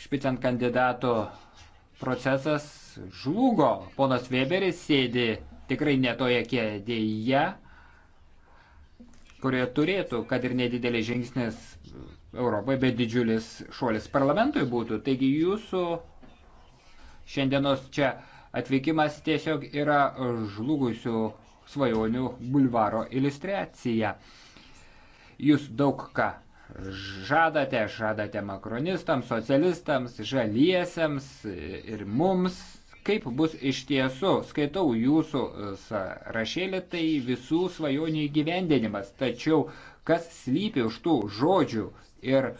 špicent kandidato procesas žlugo. Ponas Weberis sėdi tikrai netoje kėdėje, kurioje turėtų, kad ir nedidelis žingsnis Europai, bet didžiulis šuolis parlamentui būtų. Taigi jūsų šiandienos čia atvykimas tiesiog yra žlugusių svajonių bulvaro iliustracija. Jūs daug ką žadate, žadate makronistams, socialistams, žaliesiems ir mums. Kaip bus iš tiesų, skaitau jūsų e, rašėlį, tai visų svajonių įgyvendinimas. Tačiau kas slypi už tų žodžių ir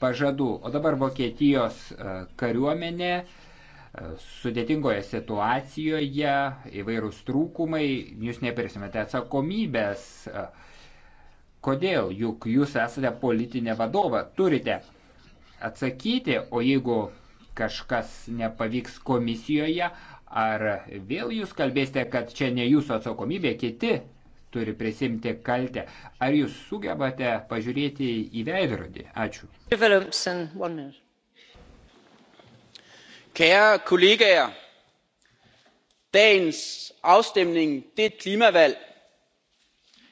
pažadų. O dabar Vokietijos e, kariuomenė e, sudėtingoje situacijoje, įvairūs trūkumai, jūs neprisimate atsakomybės. Kodėl? Juk jūs esate politinė vadova, turite atsakyti, o jeigu kažkas nepavyks komisijoje, ar vėl jūs kalbėsite, kad čia ne jūsų atsakomybė, kiti turi prisimti kaltę. Ar jūs sugebate pažiūrėti į veidrodį? Ačiū. Kære kollegaer, dagens afstemning, det er et klimavalg,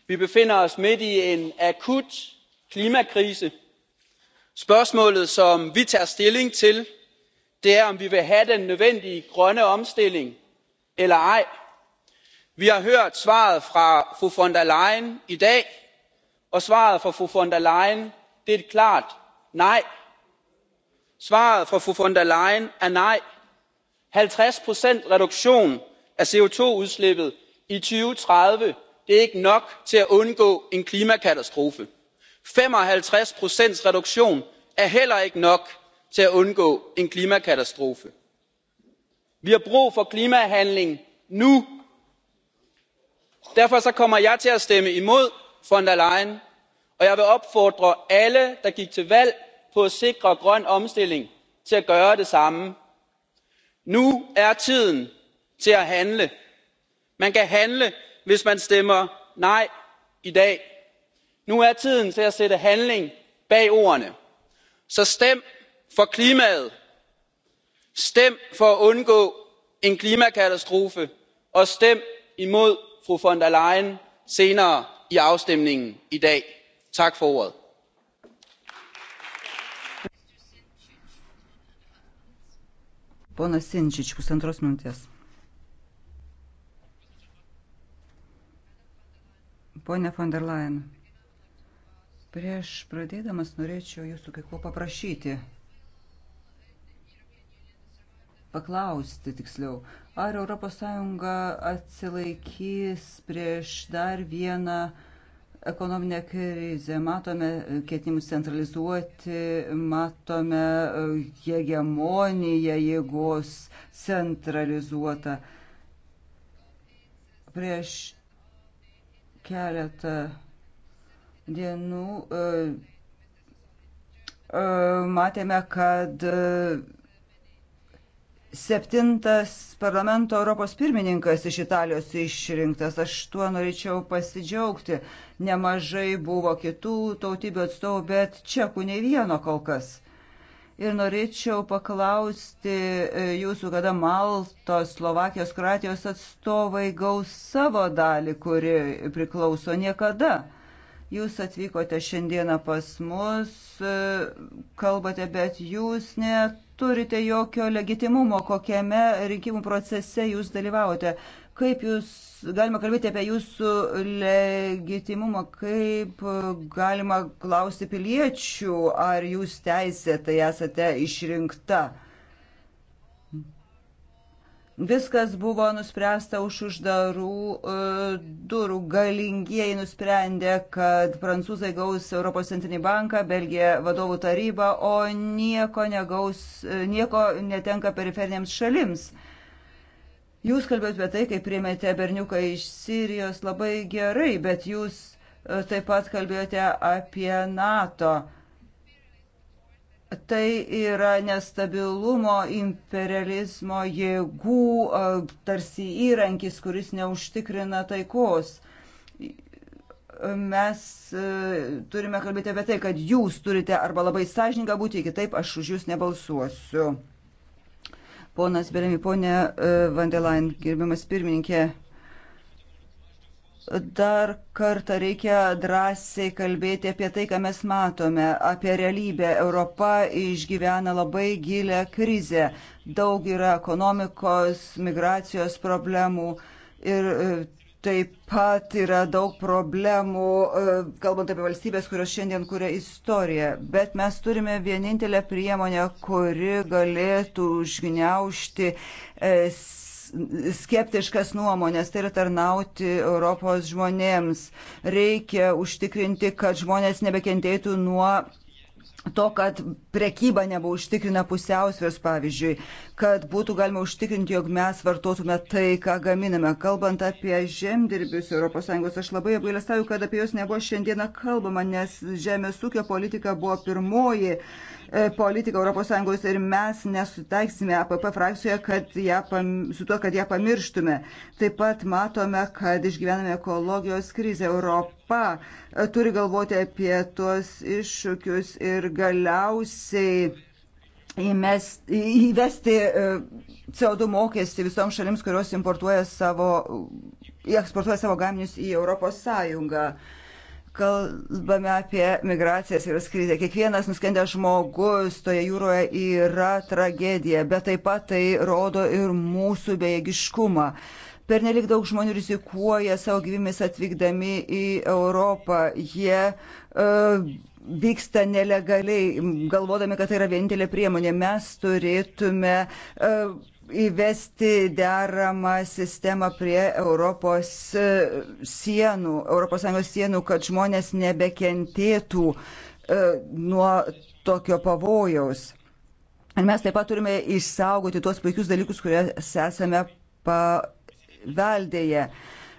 vi befinder os midt i en akut klimakrise spørgsmålet som vi tager stilling til er om vi vil have den nødvendige grønne omstilling eller ej vi har hørt svaret fra fru von der leyen i dag og svaret fra fru von der leyen er et klart nej svaret fra fru von der leyen er nej halvtreds procent reduktion af co to udslippet i to tusind og tredive det er ikke nok til at undgå en klimakatastrofe fem og halvtreds procents reduktion er heller ikke nok til at undgå en klimakatastrofe vi har brug for klimahandling nu derfor kommer jeg til at stemme imod von der leyen og jeg vil opfordre alle der gik til valg på at sikre grøn omstilling til at gøre det samme nu er tiden til at handle man kan handle hvis man stemmer nej i dag nu er tiden til at sætte handling bag ordene så stem for klimaet stem for at undgå en klimakatastrofe og stem imod fru von der leyen senere i afstemningen i dag. tak for ordet. Ponas Sinčič, pusantros minutės. Pone von der Leyen, prieš pradėdamas norėčiau jūsų kai ko paprašyti. Paklausti tiksliau, ar ES atsilaikys prieš dar vieną ekonominę krizę, matome ketinimus centralizuoti, matome e, hegemoniją jėgos centralizuotą. Prieš keletą dienų e, e, matėme, kad e, septintas parlamento Europos pirmininkas iš Italijos išrinktas. Aš tuo norėčiau pasidžiaugti. Nemažai buvo kitų tautybių atstovų, bet čekų nei vieno kol kas. Ir norėčiau paklausti e, jūsų, kada Maltos, Slovakijos, Kroatijos atstovai gaus savo dalį, kuri priklauso niekada. Jūs atvykote šiandieną pas mus, e, kalbate, bet jūs neturite jokio legitimumo, kokiame rinkimų procese jūs dalyvavote. Kaip jūs galima kalbėti apie jūsų legitimumą, kaip galima klausti piliečių, ar jūs teisė tai esate išrinkta? Viskas buvo nuspręsta už uždarų e, durų. Galingieji nusprendė, kad prancūzai gaus Europos centrinį banką, Belgija vadovų tarybą, o nieko, negaus, e, nieko netenka periferiniams šalims. Jūs kalbėjote apie tai, kaip priėmėte berniuką iš Sirijos labai gerai, bet jūs e, taip pat kalbėjote apie NATO. Tai yra nestabilumo, imperializmo jėgų e, tarsi įrankis, kuris neužtikrina taikos mes e, turime kalbėti apie tai, kad jūs turite arba labai sąžininką būti, kitaip aš už jūs nebalsuosiu. Ponas Belėmi, ponė e, Vandelain, gerbiamas pirmininkė, dar kartą reikia drąsiai kalbėti apie tai, ką mes matome, apie realybę. Europa išgyvena labai gilę krizę. Daug yra ekonomikos, migracijos problemų ir e, Taip pat yra daug problemų, e, kalbant apie valstybės, kurios šiandien kuria istoriją, bet mes turime vienintelę priemonę, kuri galėtų užgniaušti e, skeptiškas nuomonės, tai yra tarnauti Europos žmonėms. Reikia užtikrinti, kad žmonės nebekentėtų nuo to, kad prekyba nebuvo užtikrina pusiausvės, pavyzdžiui, kad būtų galima užtikrinti, jog mes vartotume tai, ką gaminame. Kalbant apie žemdirbius ES, aš labai apgailestauju, kad apie juos nebuvo šiandieną kalbama, nes žemės ūkio politika buvo pirmoji E, politiką ES ir mes nesutaiksime APP frakcijoje kad ją, su to, kad ją pamirštume. Taip pat matome, kad išgyvename ekologijos krizę Europoje. Europa e, turi galvoti apie tuos iššūkius ir galiausiai įmest, įvesti e, CO2 mokestį visoms šalims, kurios importuoja savo, eksportuoja savo gaminius į Europos Sąjungą kalbame apie migracijas ir skrydį. Kiekvienas nuskendęs žmogus toje jūroje yra tragedija, bet taip pat tai rodo ir mūsų bejėgiškumą. Per nelik daug žmonių rizikuoja savo gyvimis atvykdami į Europą. Jie uh, vyksta nelegaliai, galvodami, kad tai yra vienintelė priemonė. Mes turėtume uh, įvesti deramą sistemą prie Europos e, sienų, ES sienų, kad žmonės nebekentėtų e, nuo tokio pavojaus. Ir mes taip pat turime išsaugoti tuos puikius dalykus, kuriuos esame paveldėję.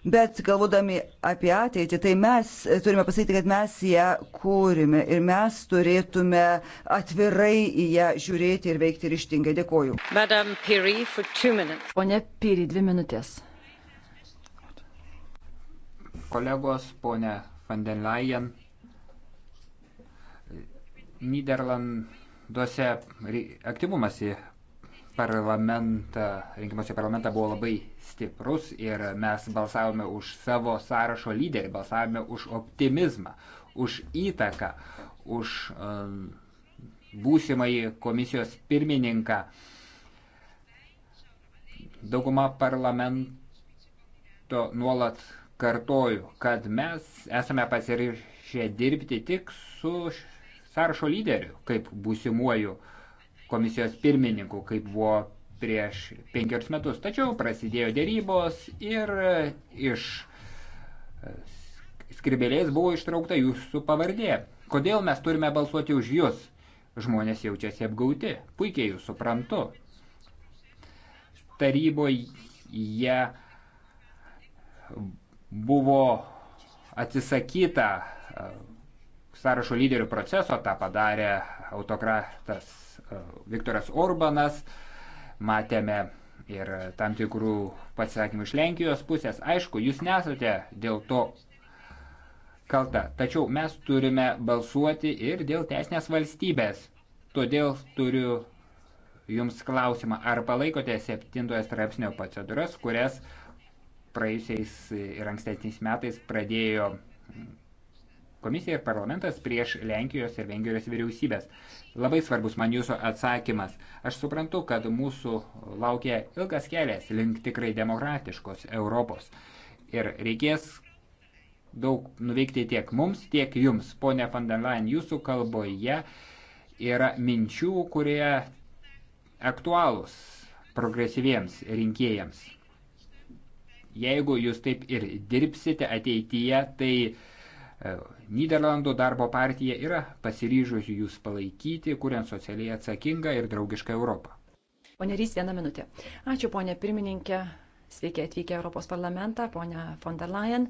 Bet galvodami apie ateitį, tai mes turime pasakyti, kad mes ją kūrime ir mes turėtume atvirai į ją žiūrėti ir veikti ryštingai. Dėkoju. Piri, Pone Pyri, dvi minutės. Kolegos, ponė van den Leyen, Niderlanduose aktyvumas į parlamentą, rinkimuose parlamentą buvo labai stiprus ir mes balsavome už savo sąrašo lyderį, balsavome už optimizmą, už įtaką, už um, būsimąjį komisijos pirmininką. Dauguma parlamento nuolat kartoju, kad mes esame pasiryžę dirbti tik su sąrašo lyderiu, kaip būsimuoju uh, komisijos pirmininku, kaip buvo prieš penkerius metus. Tačiau prasidėjo dėrybos ir e, iš e, skribėlės buvo ištraukta jūsų pavardė. Kodėl mes turime balsuoti už jūs? Žmonės jaučiasi apgauti. Puikiai jūs suprantu. Taryboje buvo atsisakyta e, sąrašo lyderių proceso, tą padarė autokratas Viktoras Orbanas, matėme ir tam tikrų pasisakymų iš Lenkijos pusės. Aišku, jūs nesate dėl to kalta, tačiau mes turime balsuoti ir dėl teisinės valstybės. Todėl turiu Jums klausimą, ar palaikote septintojo straipsnio procedūras, kurias praėjusiais ir ankstesniais metais pradėjo komisija ir parlamentas prieš Lenkijos ir Vengrijos vyriausybės. Labai svarbus man jūsų atsakymas. Aš suprantu, kad mūsų laukia ilgas kelias link tikrai demokratiškos Europos. Ir reikės daug nuveikti tiek mums, tiek jums. Pone van der Leyen, jūsų kalboje yra minčių, kurie aktualūs progresyviems rinkėjams. Jeigu jūs taip ir dirbsite ateityje, tai E, Niderlandų darbo partija yra pasiryžusi jūs palaikyti, kuriant socialiai atsakingą ir draugišką Europą. Pone Rys, vieną minutę. Ačiū, ponė pirmininkė. Sveiki atvykę Europos parlamentą, ponė von der Leyen.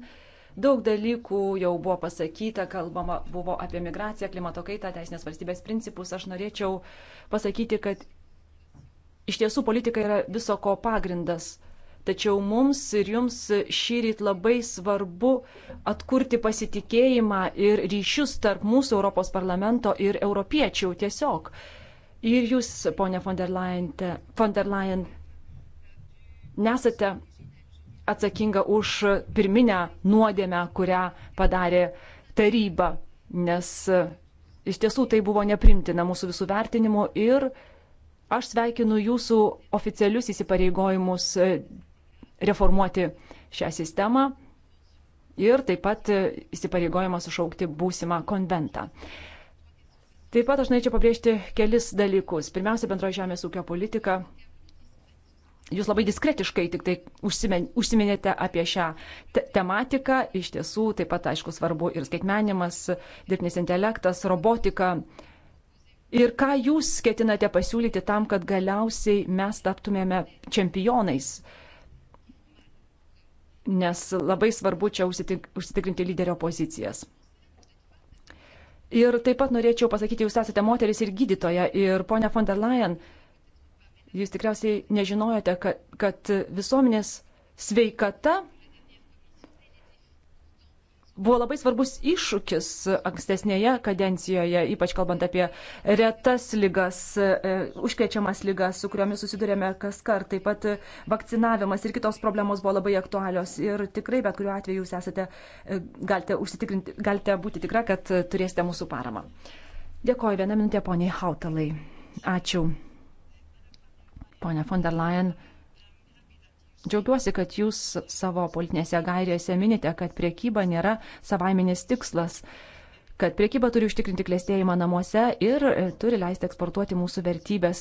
Daug dalykų jau buvo pasakyta, kalbama buvo apie migraciją, klimato kaitą, teisinės valstybės principus. Aš norėčiau pasakyti, kad iš tiesų politika yra viso ko pagrindas Tačiau mums ir jums šį rytą labai svarbu atkurti pasitikėjimą ir ryšius tarp mūsų Europos parlamento ir europiečių tiesiog. Ir jūs, ponė von der Leyen, von der Leyen nesate atsakinga už pirminę nuodėmę, kurią padarė taryba, nes e, iš tiesų tai buvo neprimtina mūsų visų vertinimu ir Aš sveikinu jūsų oficialius įsipareigojimus e, reformuoti šią sistemą ir taip pat įsipareigojama sušaukti būsimą konventą. Taip pat aš norėčiau pabrėžti kelis dalykus. Pirmiausia, bendroji žemės ūkio politika. Jūs labai diskretiškai tik tai užsiminėte apie šią te tematiką. Iš tiesų, taip pat, aišku, svarbu ir skaitmenimas, dirbtinis intelektas, robotika. Ir ką jūs ketinate pasiūlyti tam, kad galiausiai mes taptumėme čempionais nes labai svarbu čia užsitikrinti lyderio pozicijas. Ir taip pat norėčiau pasakyti, jūs esate moteris ir gydytoja. Ir ponia von der Leyen, jūs tikriausiai nežinojote, kad, kad visuomenės sveikata buvo labai svarbus iššūkis ankstesnėje kadencijoje, ypač kalbant apie retas lygas, e, užkrečiamas lygas, su kuriomis susidurėme kas kart. Taip pat vakcinavimas ir kitos problemos buvo labai aktualios. Ir tikrai, bet kuriuo atveju jūs esate, e, galite, galite būti tikra, kad turėsite mūsų paramą. Dėkoju vieną minutę poniai Hautalai. Ačiū. Pone von der Leyen Džiaugiuosi, kad jūs savo politinėse gairėse minite, kad priekyba nėra savaiminis tikslas, kad priekyba turi užtikrinti klėstėjimą namuose ir e, turi leisti eksportuoti mūsų vertybės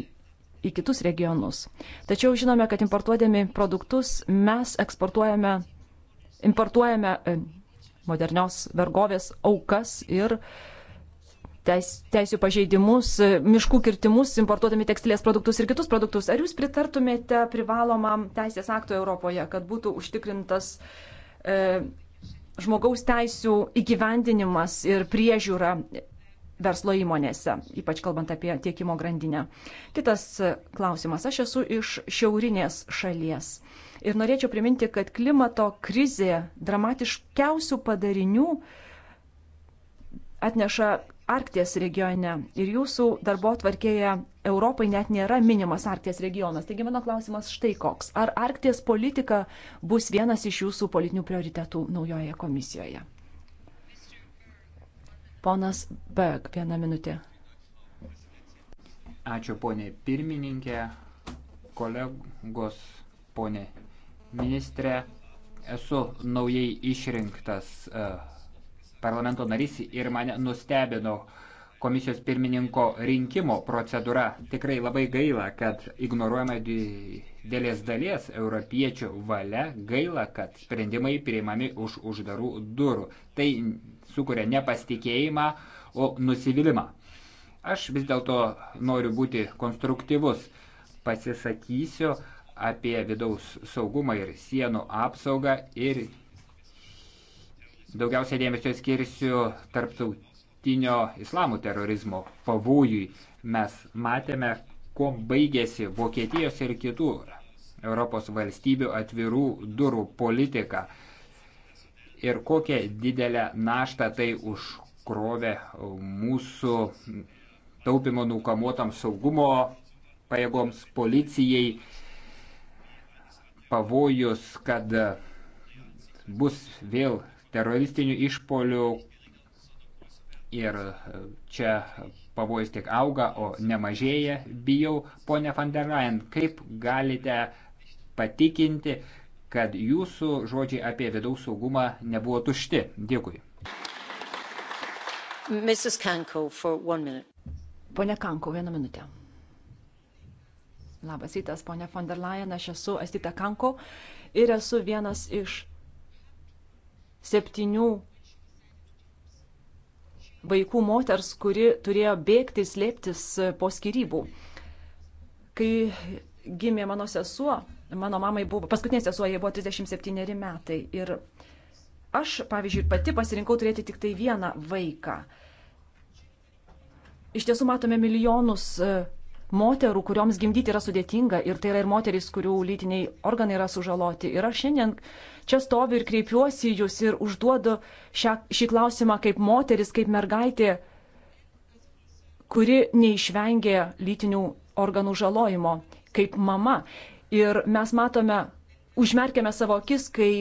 į kitus regionus. Tačiau žinome, kad importuodami produktus mes eksportuojame, importuojame e, modernios vergovės aukas ir uh, teisų pažeidimus, miškų kirtimus, importuodami tekstilės produktus ir kitus produktus. Ar jūs pritartumėte privalomam teisės akto Europoje, kad būtų užtikrintas e, žmogaus teisų įgyvendinimas ir priežiūra verslo įmonėse, ypač kalbant apie tiekimo grandinę. Kitas klausimas. Aš esu iš šiaurinės šalies ir norėčiau priminti, kad klimato krizė dramatiškiausių padarinių atneša Arkties regione ir jūsų darbo tvarkėje Europai net nėra minimas Arkties regionas. Taigi mano klausimas štai koks. Ar Arkties politika bus vienas iš jūsų politinių prioritetų naujoje komisijoje? Ponas Berg, vieną minutę. Ačiū ponė pirmininkė, kolegos ponė ministrė. Esu naujai išrinktas uh, parlamento narys ir mane nustebino komisijos pirmininko rinkimo procedūra. Tikrai labai gaila, kad ignoruojama didelės dalies europiečių valia, gaila, kad sprendimai priimami už uždarų durų. Tai sukuria nepasitikėjimą, o nusivylimą. Aš vis dėlto noriu būti konstruktyvus, pasisakysiu apie vidaus saugumą ir sienų apsaugą ir Daugiausia dėmesio skirsiu tarptautinio islamo terorizmo pavojui. Mes matėme, kuo baigėsi Vokietijos ir kitų Europos valstybių atvirų durų politika ir kokią didelę naštą tai užkrovė mūsų taupimo nukamuotam saugumo pajėgoms, policijai, pavojus, kad bus vėl teroristinių išpolių ir čia pavojus tik auga, o nemažėja, bijau, ponė van der Leyen, kaip galite patikinti, kad jūsų žodžiai apie vidaus saugumą nebuvo tušti. Dėkui. Kanko, Pone Kanko, vieną minutę. Labas rytas, ponė von der Leyen, aš esu Astita Kanko ir esu vienas iš septynių vaikų moters, kuri turėjo bėgti, slėptis po skirybų. Kai gimė mano sesuo, mano mamai buvo, paskutinė sesuo, jai buvo 37 metai. Ir aš, pavyzdžiui, pati pasirinkau turėti tik tai vieną vaiką. Iš tiesų matome milijonus e, moterų, kurioms gimdyti yra sudėtinga ir tai yra ir moterys, kurių lytiniai organai yra sužaloti. Ir aš šiandien čia stoviu ir kreipiuosi jūs ir užduodu šią, šį klausimą kaip moteris, kaip mergaitė, kuri neišvengė lytinių organų žalojimo, kaip mama. Ir mes matome, užmerkėme savo akis, kai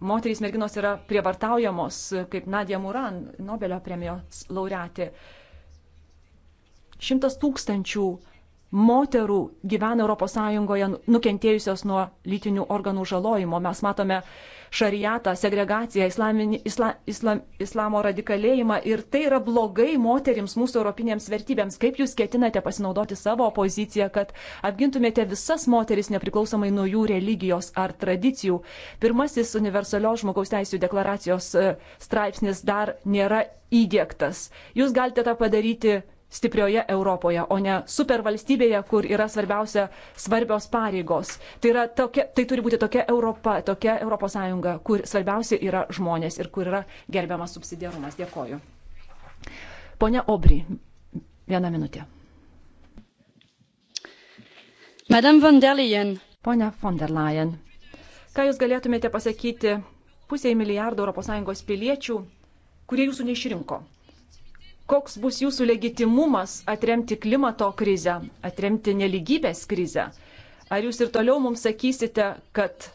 moterys merginos yra prievartaujamos, kaip Nadia Muran, Nobelio premijos laureatė. Šimtas tūkstančių moterų gyvena ES nukentėjusios nuo lytinių organų žalojimo. Mes matome šariatą, segregaciją, islaminį, isla, islam, islamo radikalėjimą ir tai yra blogai moterims, mūsų europinėms vertybėms. Kaip jūs ketinate pasinaudoti savo poziciją, kad apgintumėte visas moteris nepriklausomai nuo jų religijos ar tradicijų? Pirmasis universalios žmogaus teisų deklaracijos e, straipsnis dar nėra įdėktas. Jūs galite tą padaryti stiprioje Europoje, o ne supervalstybėje, kur yra svarbiausia svarbios pareigos. Tai, yra tokia, tai turi būti tokia Europa, tokia Europos Sąjunga, kur svarbiausia yra žmonės ir kur yra gerbiamas subsidiarumas. Dėkoju. Pone Obry, vieną minutę. Madame von der Leyen. Pone von der Leyen, ką Jūs galėtumėte pasakyti pusiai milijardo ES piliečių, kurie Jūsų neišrinko? koks bus jūsų legitimumas atremti klimato krizę, atremti neligybės krizę? Ar jūs ir toliau mums sakysite, kad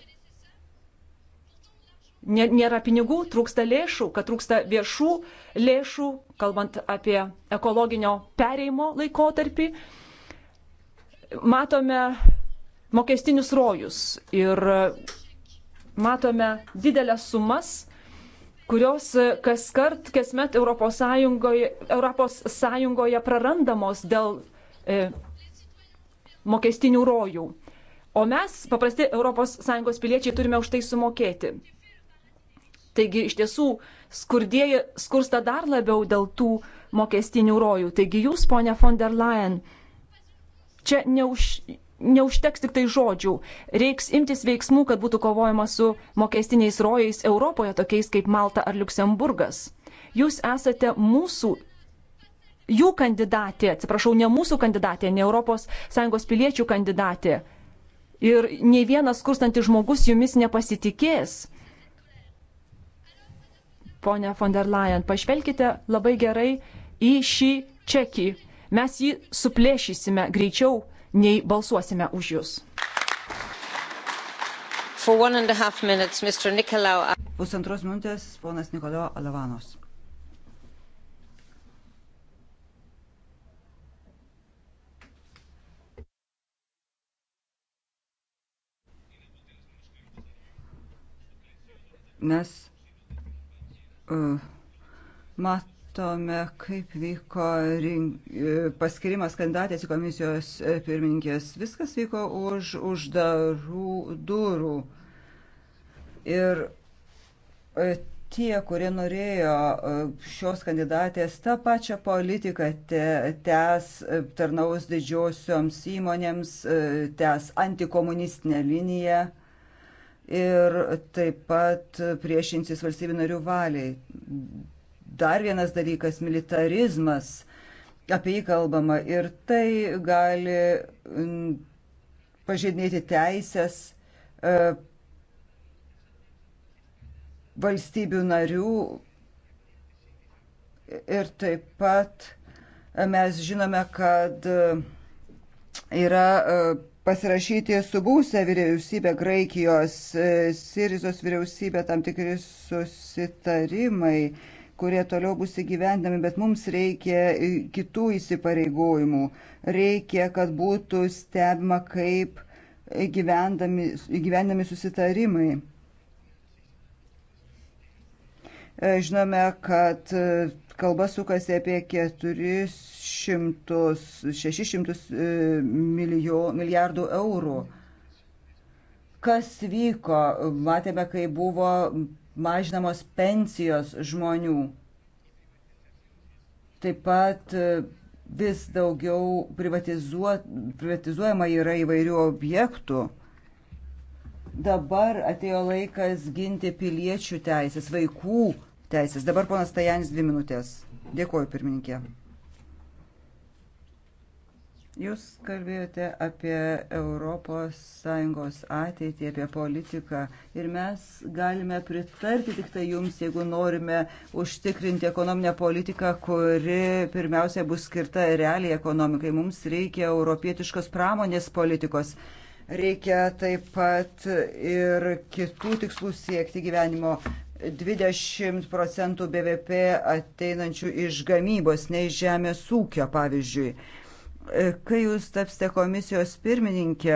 nėra pinigų, trūksta lėšų, kad trūksta viešų lėšų, kalbant apie ekologinio pereimo laikotarpį? Matome mokestinius rojus ir matome didelės sumas kurios e, kas kart, kasmet Europos Sąjungoje, Europos Sąjungoje prarandamos dėl e, mokestinių rojų. O mes, paprasti ES piliečiai, turime už tai sumokėti. Taigi iš tiesų skurdieji skursta dar labiau dėl tų mokestinių rojų. Taigi jūs, ponia von der Leyen, čia neuž, neužteks tik tai žodžių. Reiks imtis veiksmų, kad būtų kovojama su mokestiniais rojais Europoje, tokiais kaip Malta ar Luksemburgas. Jūs esate mūsų, jų kandidatė, atsiprašau, ne mūsų kandidatė, ne ES piliečių kandidatė. Ir nei vienas skurstantis žmogus jumis nepasitikės. Pone von der Leyen, pažvelkite labai gerai į šį čekį. Mes jį suplėšysime greičiau nei balsuosime už jūs. Minutes, Nicolau... Pusantros minutės ponas Nikolau Alavanos. Mes uh, mat, matome, kaip vyko rink, paskirimas kandidatės į komisijos e, pirmininkės. Viskas vyko už uždarų durų. Ir e, tie, kurie norėjo e, šios kandidatės tą pačią politiką tęs tarnaus didžiosioms įmonėms, tęs antikomunistinę liniją ir taip pat priešinsis valstybių narių valiai. Dar vienas dalykas - militarizmas. Apie jį kalbama ir tai gali pažeidinėti teisės e, valstybių narių ir taip pat e, mes žinome, kad e, yra pasirašyti su būsę vyriausybė Graikijos, Sirizos vyriausybė tam tikri susitarimai kurie toliau bus įgyvendami, bet mums reikia e, kitų įsipareigojimų. Reikia, kad būtų stebima, kaip įgyvendami susitarimai. E, žinome, kad e, kalba sukasi apie 400-600 milijardų eurų. Kas vyko? Matėme, kai buvo mažinamos pensijos žmonių. Taip pat e, vis daugiau privatizuojama yra įvairių objektų. Dabar atėjo laikas ginti piliečių teisės, vaikų teisės. Dabar ponas Tajanis dvi minutės. Dėkuoju, pirmininkė. Jūs kalbėjote apie ES ateitį, apie politiką ir mes galime pritarti tik tai jums, jeigu norime užtikrinti ekonominę politiką, kuri pirmiausia bus skirta realiai ekonomikai. Mums reikia europietiškos pramonės politikos. Reikia taip pat ir kitų tikslų siekti gyvenimo 20 procentų BVP ateinančių iš gamybos, ne iš žemės ūkio, pavyzdžiui. E, kai jūs tapsite komisijos pirmininkė,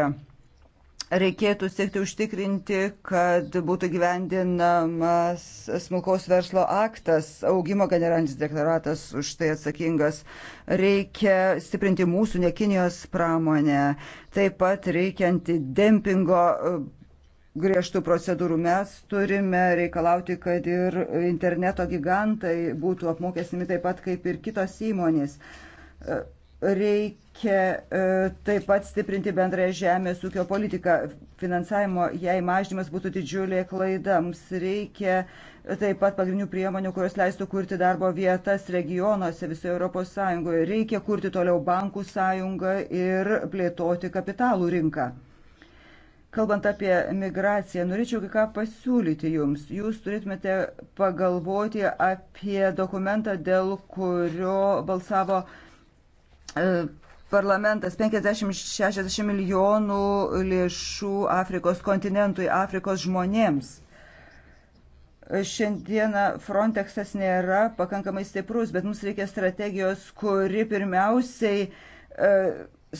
reikėtų siekti užtikrinti, kad būtų gyvendinamas smulkaus verslo aktas, augimo generantis deklaratas už tai atsakingas. Reikia stiprinti mūsų, ne Kinijos pramonę. Taip pat reikia antidempingo e, griežtų procedūrų. Mes turime reikalauti, kad ir interneto gigantai būtų apmokestinami taip pat kaip ir kitos įmonės e, Reikia e, taip pat stiprinti bendrąją žemės ūkio politiką. Finansavimo jai mažinimas būtų didžiulė klaida. Mums reikia e, taip pat pagrindinių priemonių, kurios leistų kurti darbo vietas regionuose visoje Europos Sąjungoje. Reikia kurti toliau bankų sąjungą ir plėtoti kapitalų rinką. Kalbant apie migraciją, norėčiau kai ką pasiūlyti jums. Jūs turėtumėte pagalvoti apie dokumentą, dėl kurio balsavo uh, E, parlamentas 50-60 milijonų lėšų Afrikos kontinentui, Afrikos žmonėms. E, šiandieną Frontexas nėra pakankamai stiprus, bet mums reikia strategijos, kuri pirmiausiai e,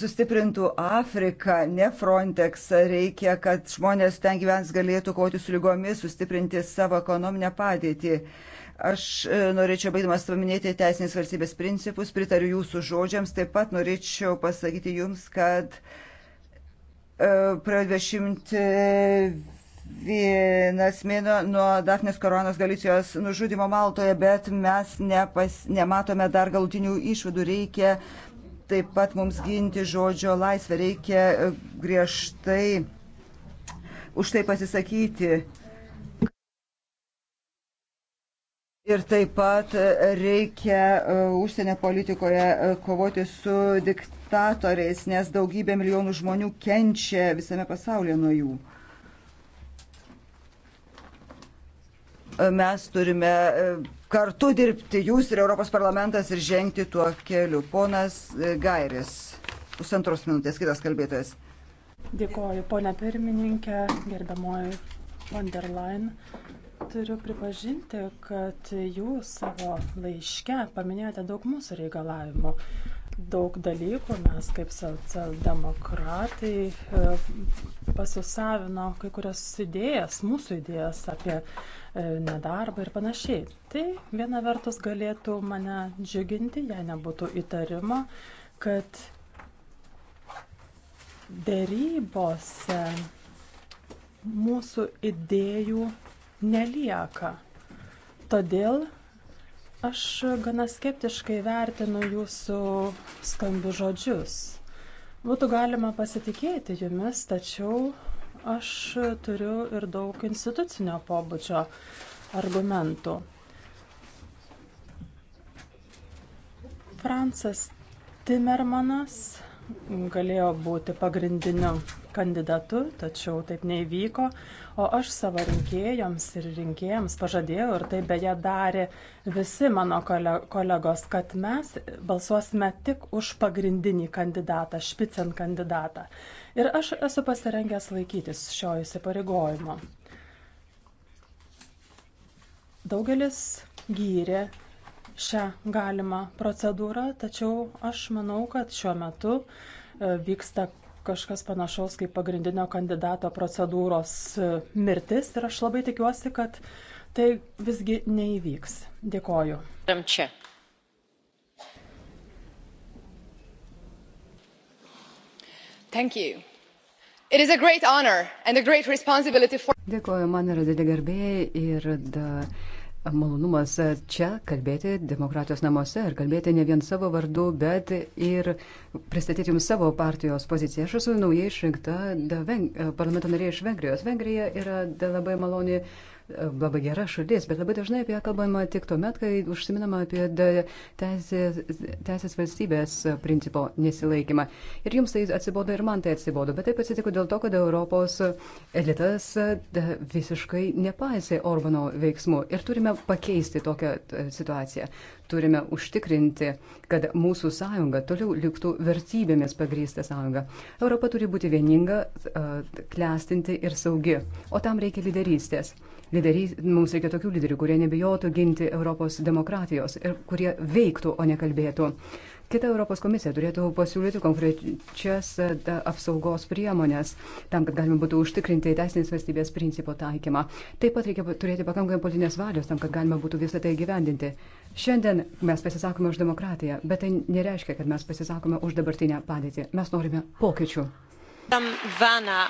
sustiprintų Afriką, ne Frontexą. Reikia, kad žmonės ten gyvens galėtų kovoti su lygomis, sustiprinti savo ekonominę padėtį. E, Aš e, norėčiau baigdamas paminėti teisinės valstybės principus, pritariu jūsų žodžiams, taip pat norėčiau pasakyti jums, kad e, praėjo 20 e, vienas mėnuo nuo Dafnės Koronos Galicijos nužudimo Maltoje, bet mes nepas, nematome dar galutinių išvadų. Reikia taip pat mums ginti žodžio laisvę, reikia griežtai už tai pasisakyti. Ir taip pat e, reikia e, užsienio politikoje e, kovoti su diktatoriais, nes daugybė milijonų žmonių kenčia visame pasaulyje nuo jų. Mes turime kartu dirbti, jūs ir Europos parlamentas, ir žengti tuo keliu. Ponas Gairis, pusantros minutės, kitas kalbėtojas. Dėkoju, ponia pirmininkė, gerbiamoji von der Leyen. Turiu pripažinti, kad jūs savo laiške paminėjote daug mūsų reikalavimų. Daug dalykų mes kaip socialdemokratai e, pasisavino kai kurias idėjas, mūsų idėjas apie e, nedarbą ir panašiai. Tai viena vertus galėtų mane džiuginti, jei nebūtų įtarimo, kad dėrybose mūsų idėjų nelieka. Todėl aš gana skeptiškai vertinu jūsų skambius žodžius. Būtų galima pasitikėti jumis, tačiau aš turiu ir daug institucinio pobūdžio argumentų. Francas Timermanas galėjo būti pagrindiniu kandidatu, tačiau taip neįvyko. O aš savo rinkėjams ir rinkėjams pažadėjau, ir tai beje darė visi mano kolegos, kad mes balsuosime tik už pagrindinį kandidatą, špicen kandidatą. Ir aš esu pasirengęs laikytis šio įsipareigojimo. Daugelis gyrė šią galimą procedūrą, tačiau aš manau, kad šiuo metu e, vyksta kažkas panašaus kaip pagrindinio kandidato procedūros e, mirtis ir aš labai tikiuosi, kad tai visgi neįvyks. Dėkoju. Čia. Thank you. It is a great honor and a great responsibility for. Dėkoju, man yra didelė garbė ir da. The malonumas čia kalbėti demokratijos namuose ir kalbėti ne vien savo vardu, bet ir pristatyti jums savo partijos poziciją. Aš esu naujai išrinkta parlamento narė iš Vengrijos. Vengrija yra labai maloni labai gera šalis, bet labai dažnai apie ją kalbama tik tuomet, kai užsiminama apie teisės, teisės valstybės principo nesilaikymą. Ir jums tai atsibodo ir man tai atsibodo, bet taip atsitiko dėl to, kad Europos elitas visiškai nepaisė Orbano veiksmų. Ir turime pakeisti tokią e, situaciją. Turime užtikrinti, kad mūsų sąjunga toliau liktų vertybėmis pagrįsta sąjunga. Europa turi būti vieninga, e, klestinti ir saugi, o tam reikia lyderystės. Lyderys, mums reikia tokių lyderių, kurie nebijotų ginti Europos demokratijos ir kurie veiktų, o ne kalbėtų. Kita Europos komisija turėtų pasiūlyti konkrečias e, apsaugos priemonės tam, kad galima būtų užtikrinti teisinės valstybės principo taikymą. Taip pat reikia turėti pakankamai politinės valios tam, kad galima būtų visą tai gyvendinti. Šiandien mes pasisakome už demokratiją, bet tai nereiškia, kad mes pasisakome už dabartinę padėtį. Mes norime pokyčių. Vana,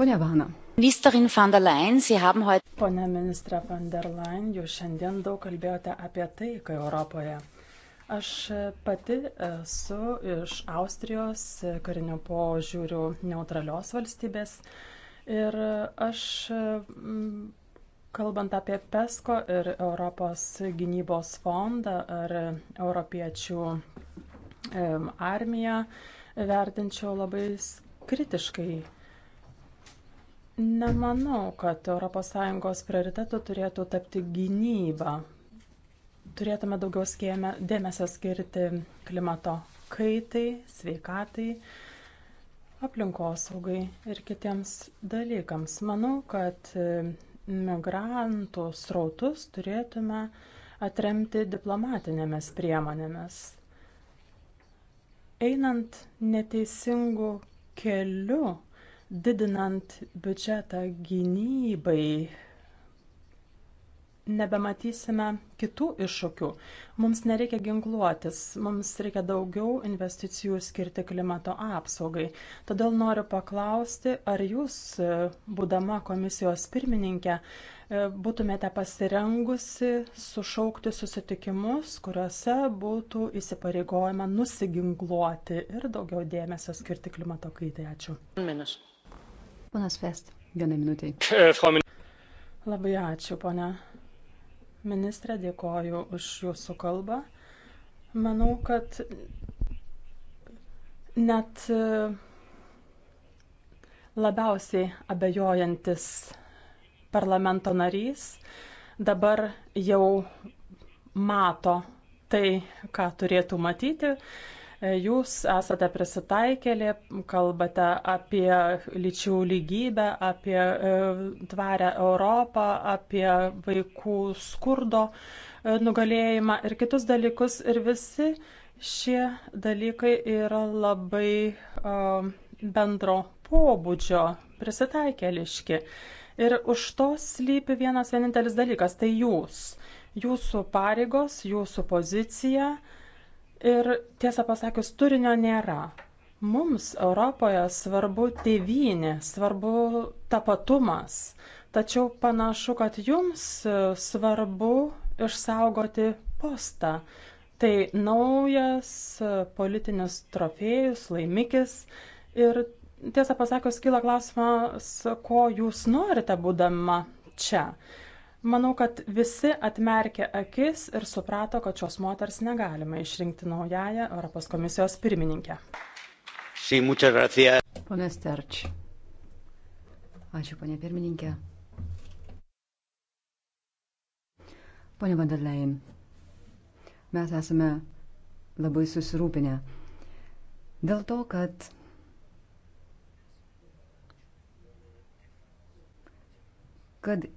Pone Vana. Ministerin van der Leyen, Sie haben heute. Pone ministra van der Leyen, jūs šiandien daug kalbėjote apie taiką Europoje. Aš pati esu iš Austrijos karinių požiūrių neutralios valstybės ir aš, kalbant apie PESCO ir Europos gynybos fondą ar europiečių armiją, vertinčiau labai kritiškai Nemanau, kad ES prioritetu turėtų tapti gynyba. Turėtume daugiau skėmę, dėmesio skirti klimato kaitai, sveikatai, aplinkosaugai ir kitiems dalykams. Manau, kad migrantų srautus turėtume atremti diplomatinėmis priemonėmis. Einant neteisingu keliu, didinant biudžetą gynybai, nebematysime kitų iššūkių. Mums nereikia ginkluotis, mums reikia daugiau investicijų skirti klimato apsaugai. Todėl noriu paklausti, ar jūs, būdama komisijos pirmininkė, būtumėte pasirengusi sušaukti susitikimus, kuriuose būtų įsipareigojama nusiginkluoti ir daugiau dėmesio skirti klimato kaitai. Ačiū. Minus. Ponas Fest, vieną minutę. Labai ačiū, ponia ministrė, dėkoju už jūsų kalbą. Manau, kad net e, labiausiai abejojantis parlamento narys dabar jau mato tai, ką turėtų matyti Jūs esate prisitaikėlė, kalbate apie lyčių lygybę, apie e, tvarę Europą, apie vaikų skurdo e, nugalėjimą ir kitus dalykus. Ir visi šie dalykai yra labai e, bendro pobūdžio, prisitaikėliški. Ir už to slypi vienas vienintelis dalykas - tai jūs. Jūsų pareigos, jūsų pozicija. Uh, Ir tiesą pasakius, turinio nėra. Mums Europoje svarbu tėvynė, svarbu tapatumas. Tačiau panašu, kad jums svarbu išsaugoti postą. Tai naujas politinis trofėjus, laimikis. Ir tiesą pasakius, kyla klausimas, ko jūs norite būdama čia. Manau, kad visi atmerkė akis ir suprato, kad šios moters negalima išrinkti naująją Europos komisijos pirmininkę. Sí, Pone Sterč. Ačiū, ponė pirmininkė. Pone Vandalein, mes esame labai susirūpinę dėl to, kad kad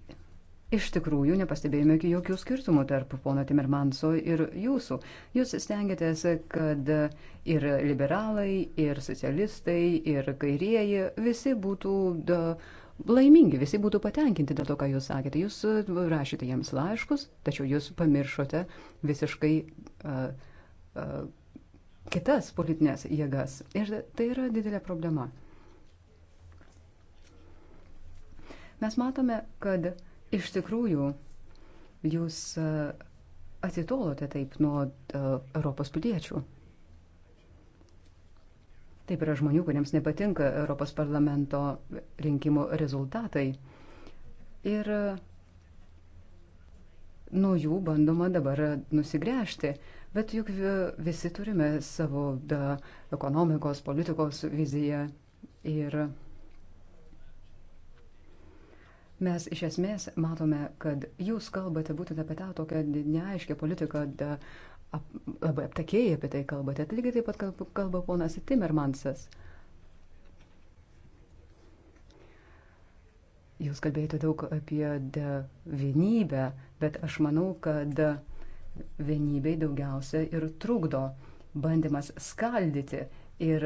Iš tikrųjų, nepastebėjome jokių skirtumų tarp pono Timermanso ir jūsų. Jūs stengiatės, kad ir liberalai, ir socialistai, ir kairieji visi būtų da, laimingi, visi būtų patenkinti dėl to, ką jūs sakėte. Jūs rašėte jiems laiškus, tačiau jūs pamiršote visiškai uh, uh, kitas politinės jėgas. Ir tai yra didelė problema. Mes matome, kad Iš tikrųjų, jūs e, atitolote taip nuo e, Europos piliečių. Taip yra žmonių, kuriems nepatinka Europos parlamento rinkimų rezultatai. Ir e, nuo jų bandoma dabar nusigręžti. Bet juk visi turime savo da, ekonomikos, politikos viziją ir Mes iš esmės matome, kad jūs kalbate būtent apie tą tokią neaiškę politiką, da, ap, labai aptakiai apie tai kalbate. Tai lygiai taip pat kalba, kalba ponas Timmermansas. Jūs kalbėjote daug apie vienybę, bet aš manau, kad vienybei daugiausia ir trukdo bandymas skaldyti ir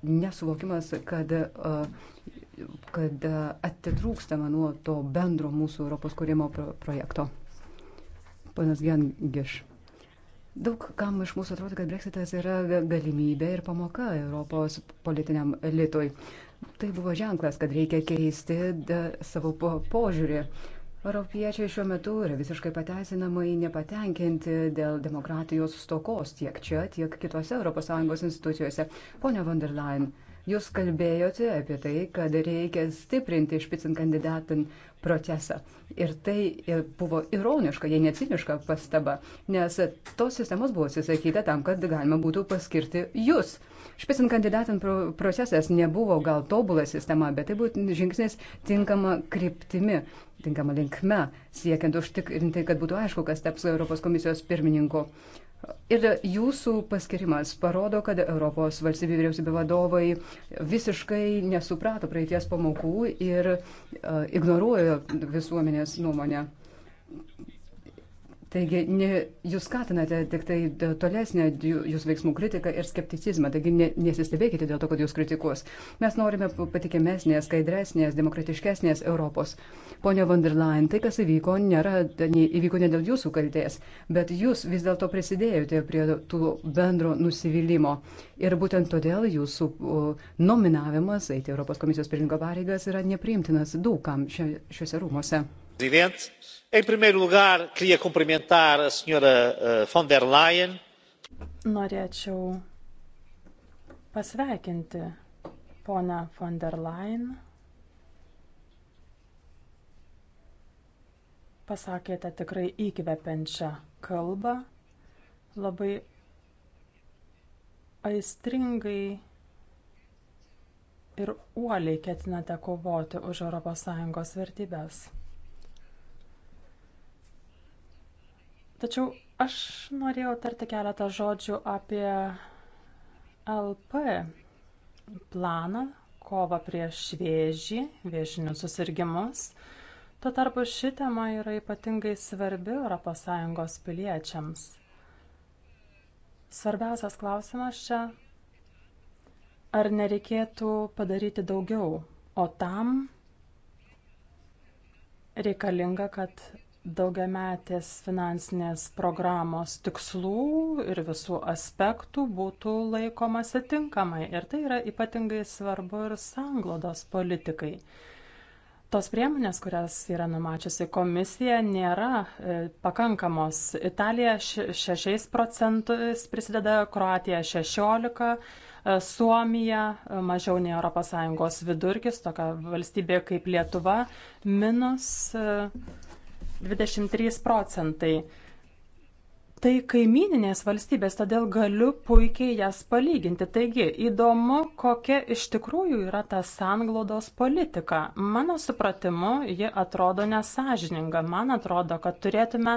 nesuvokimas, kad uh, kad e, atitrūkstama nuo to bendro mūsų Europos kūrimo projekto. Panas Gengiš. Daug kam iš mūsų atrodo, kad breksitas yra galimybė ir pamoka Europos politiniam elitui. Tai buvo ženklas, kad reikia keisti da, savo po, požiūrį. Europiečiai šiuo metu yra visiškai pateisinamai nepatenkinti dėl demokratijos stokos tiek čia, tiek kitose ES institucijose. Pone van der Leyen, Jūs kalbėjote apie tai, kad reikia stiprinti špicin kandidatin procesą. Ir tai e, buvo ironiška, jei neciniška pastaba, nes tos sistemos buvo atsisakyta tam, kad galima būtų paskirti jūs. Špicin kandidatin procesas nebuvo gal tobulą sistema, bet tai būtų žingsnis tinkama kryptimi, tinkama linkme, siekiant užtikrinti, kad būtų aišku, kas taps Europos komisijos pirmininku. Ir jūsų paskirimas parodo, kad Europos valstybių vyriausybių vadovai visiškai nesuprato praeities pamokų ir uh, ignoruoja visuomenės nuomonę. Taigi, ne, jūs skatinate tik tai tolesnę jūsų veiksmų kritiką ir skepticizmą, taigi ne, nesistebėkite dėl to, kad jūs kritikuos. Mes norime patikimesnės, skaidresnės, demokratiškesnės Europos. Pone van der Leyen, tai, kas įvyko, nėra, ne, įvyko ne dėl jūsų kalties, bet jūs vis dėlto prisidėjote prie tų bendro nusivylimų. Ir būtent todėl jūsų nominavimas eiti Europos komisijos pirmininko pareigas yra nepriimtinas daugam šiuose rūmose senhor presidente em primeiro lugar queria cumprimentar a senhora eh, von der leyen. norėčiau pasveikinti ponią von der leyen. pasakėte tikrai įkvepiančią kalbą, labai aistringai ir uoliai ketinate kovoti už ES vertybės. Tačiau aš norėjau tarti keletą žodžių apie LP planą kovą prieš vėžį, vėžinius susirgymus. Tuo tarpu ši tema yra ypatingai svarbi ES piliečiams. Svarbiausias klausimas čia - ar nereikėtų padaryti daugiau, o tam reikalinga, kad daugiametės finansinės programos tikslų ir visų aspektų būtų laikomasi tinkamai. Ir tai yra ypatingai svarbu ir sanglodos politikai. Tos priemonės, kurias yra numačiusi komisija, nėra e, pakankamos. Italija 6 procentais prisideda, Kroatija 16, e, Suomija e, mažiau nei ES vidurkis, tokia valstybė kaip Lietuva, minus 0,5 23 procentai. Tai kaimininės valstybės, todėl galiu puikiai jas palyginti. Taigi, įdomu, kokia iš tikrųjų yra ta sanglaudos politika. Mano supratimu, ji atrodo nesažininga. Man atrodo, kad turėtume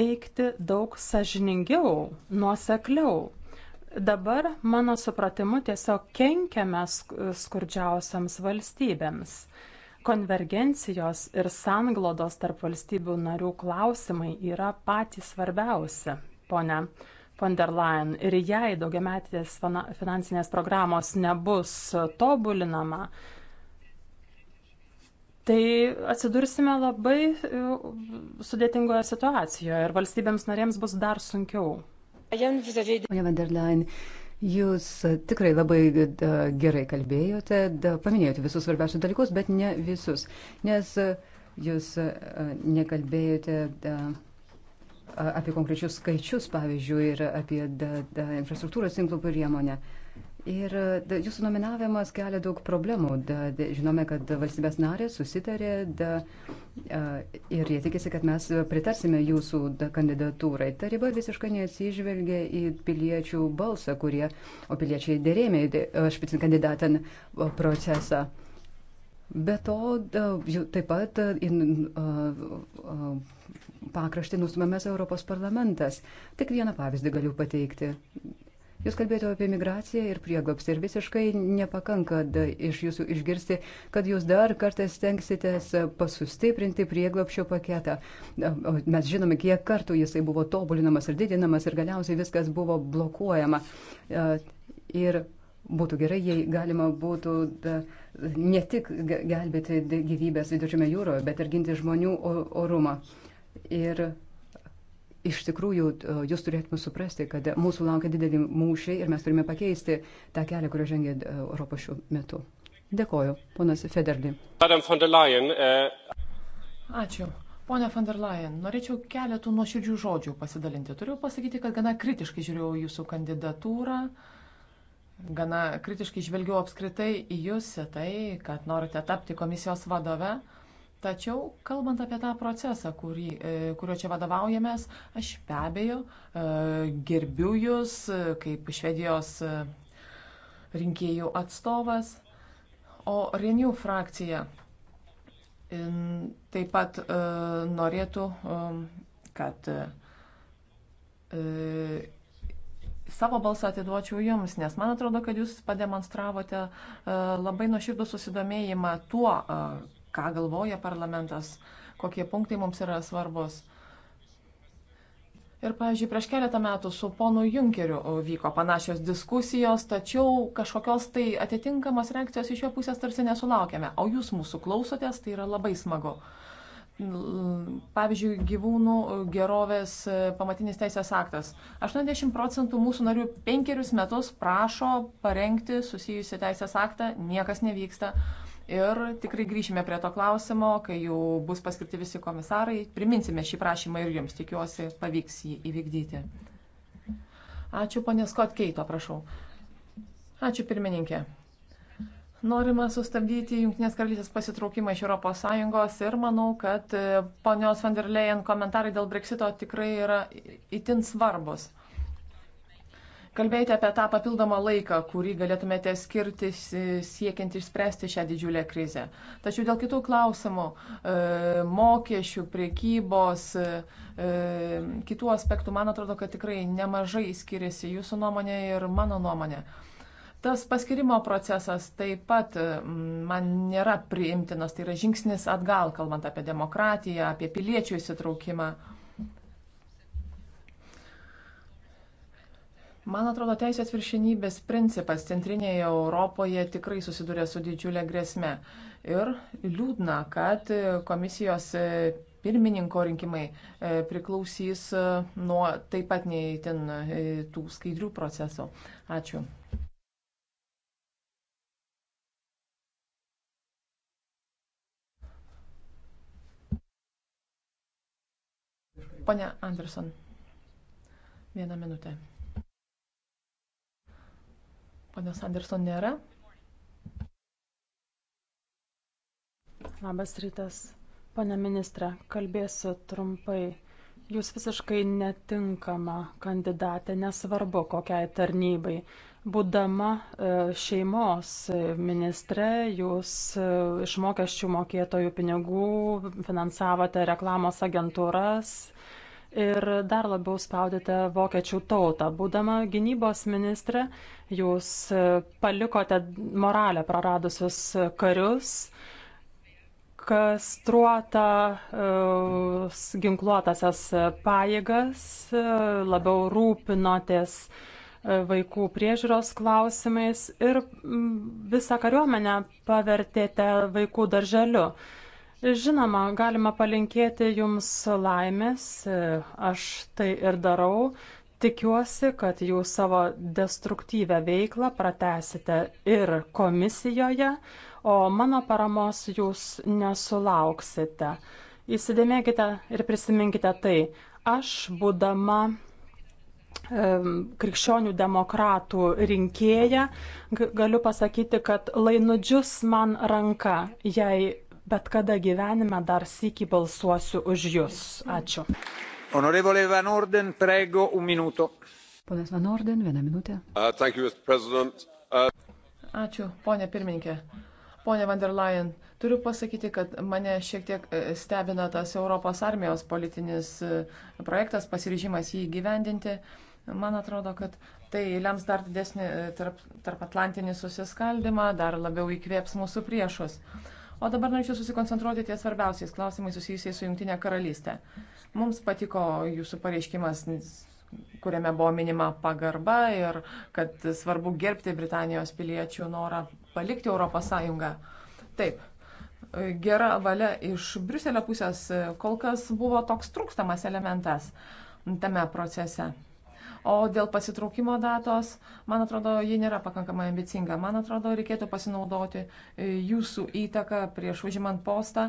veikti daug sažiningiau, nuosekliau. Dabar, mano supratimu, tiesiog kenkiame skurdžiausiams valstybėms. Konvergencijos ir sanglodos tarp valstybių narių klausimai yra patys svarbiausi, ponia von der Leyen. Ir jei daugiametės finansinės programos nebus tobulinama, tai atsidursime labai e, sudėtingoje situacijoje ir valstybėms narėms bus dar sunkiau. Ponia von der Leyen, Jūs e, tikrai labai e, gerai kalbėjote, paminėjote visus svarbiausius dalykus, bet ne visus, nes e, jūs nekalbėjote apie konkrečius skaičius, pavyzdžiui, ir apie infrastruktūros tinklų priemonę. Ir e, jūsų nominavimas kelia daug problemų. Da, da, žinome, kad valstybės narės susitarė da, e, ir jie tikisi, kad mes pritarsime jūsų da, kandidatūrai. Taryba visiškai neatsižvelgia į piliečių balsą, kurie, o piliečiai dėrėmė e, špicin kandidatą procesą. Be to, da, taip pat in, uh, uh, pakraštį nustumėmės Europos parlamentas. Tik vieną pavyzdį galiu pateikti. Jūs kalbėjote apie migraciją ir prieglobstį ir visiškai nepakanka iš jūsų išgirsti, kad jūs dar kartą stengsitės pasustiprinti prieglobščio paketą. Mes žinome, kiek kartų jisai buvo tobulinamas ir didinamas ir galiausiai viskas buvo blokuojama. E, ir būtų gerai, jei galima būtų da, ne tik gelbėti gyvybės viduržėme jūroje, bet ir ginti žmonių orumą. Ir Iš tikrųjų, e, jūs turėtume suprasti, kad mūsų laukia didelį mūšį ir mes turime pakeisti tą kelią, kurio žengia e, Europos šiuo metu. Dėkoju, ponas Federli. E, Ačiū. Pone van der Leyen, norėčiau keletų nuoširdžių žodžių pasidalinti. Turiu pasakyti, kad gana kritiškai žiūrėjau jūsų kandidatūrą, gana kritiškai žvelgiau apskritai į jūs, tai, kad norite tapti komisijos vadove. Tačiau, kalbant apie tą procesą, kurį, e, kurio čia vadovaujamės, aš be abejo e, gerbiu jūs e, kaip Švedijos rinkėjų atstovas, o Renew frakcija taip pat norėtų, kad savo balsą atiduočiau jums, nes man atrodo, kad jūs pademonstravote labai nuoširdų susidomėjimą tuo, ką galvoja parlamentas, kokie punktai mums yra svarbus. Ir, pavyzdžiui, prieš keletą metų su ponu Junkeriu vyko panašios diskusijos, tačiau kažkokios tai atitinkamos reakcijos iš jo pusės tarsi nesulaukėme. O jūs mūsų klausotės, tai yra labai smagu. Pavyzdžiui, gyvūnų gerovės pamatinis teisės aktas. 80 procentų mūsų narių penkerius metus prašo parengti susijusią teisės aktą, niekas nevyksta. Ir tikrai grįšime prie to klausimo, kai jau bus paskirti visi komisarai. Priminsime šį prašymą ir jums, tikiuosi, pavyks jį įvykdyti. Ačiū, ponė Skot Keito, prašau. Ačiū, pirmininkė. Norima sustabdyti Junktinės karalystės pasitraukimą iš ES ir manau, kad e, ponios van der Leyen komentarai dėl Brexito tikrai yra itin svarbus. Kalbėjote apie tą papildomą laiką, kurį galėtumėte skirti siekiant išspręsti šią didžiulę krizę. Tačiau dėl kitų klausimų, e, mokesčių, priekybos, e, e, kitų aspektų, man atrodo, kad tikrai nemažai skiriasi jūsų nuomonė ir mano nuomonė. Tas paskirimo procesas taip pat man nėra priimtinas, tai yra žingsnis atgal, kalbant apie demokratiją, apie piliečių įsitraukimą. Man atrodo, teisės viršinybės principas centrinėje Europoje tikrai susiduria su didžiulė grėsme. Ir liūdna, kad komisijos e, pirmininko rinkimai e, priklausys e, nuo taip pat neįtin tų skaidrių procesų. Ačiū. Pone Anderson, vieną minutę. Ponios Anderson nėra. Labas rytas, pane ministre, kalbėsiu trumpai. Jūs visiškai netinkama kandidatė, nesvarbu kokiai tarnybai. Būdama e, šeimos ministre, jūs e, iš mokesčių mokėtojų pinigų finansavote reklamos agentūras, ir dar labiau spaudėte vokiečių tautą. Būdama gynybos ministrė, jūs e, palikote moralę praradusius karius, kastruotą e, ginkluotasias pajėgas, e, labiau rūpinotės vaikų priežiūros klausimais ir visą kariuomenę pavertėte vaikų darželiu. Žinoma, galima palinkėti jums laimės, aš tai ir darau. Tikiuosi, kad jūs savo destruktyvę veiklą pratesite ir komisijoje, o mano paramos jūs nesulauksite. Įsidėmėkite ir prisiminkite tai. Aš, būdama krikščionių demokratų rinkėja, galiu pasakyti, kad lai nudžius man ranka, jei bet kada gyvenime dar sykį balsuosiu už Jūs. Ačiū. Honorevole Van Orden, prego un minuto. Ponas Van Orden, vieną minutę. Uh, you, uh... Ačiū, ponė pirmininkė. Pone van der Leyen, turiu pasakyti, kad mane šiek tiek e, stebina tas Europos armijos politinis e, projektas, pasiryžimas jį gyvendinti. Man atrodo, kad tai lems dar didesnį e, tarp, tarp atlantinį susiskaldimą, dar labiau įkvėps mūsų priešus. Uh, O dabar norėčiau susikoncentruoti ties svarbiausiais klausimais susijusiais su Junktinė karalystė. Mums patiko jūsų pareiškimas, kuriame buvo minima pagarba ir kad svarbu gerbti Britanijos piliečių norą palikti ES. Taip, gera valia iš Briuselio pusės kol kas buvo toks trūkstamas elementas tame procese. O dėl pasitraukimo datos, man atrodo, ji nėra pakankamai ambicinga. Man atrodo, reikėtų pasinaudoti e, jūsų įtaką prieš užimant postą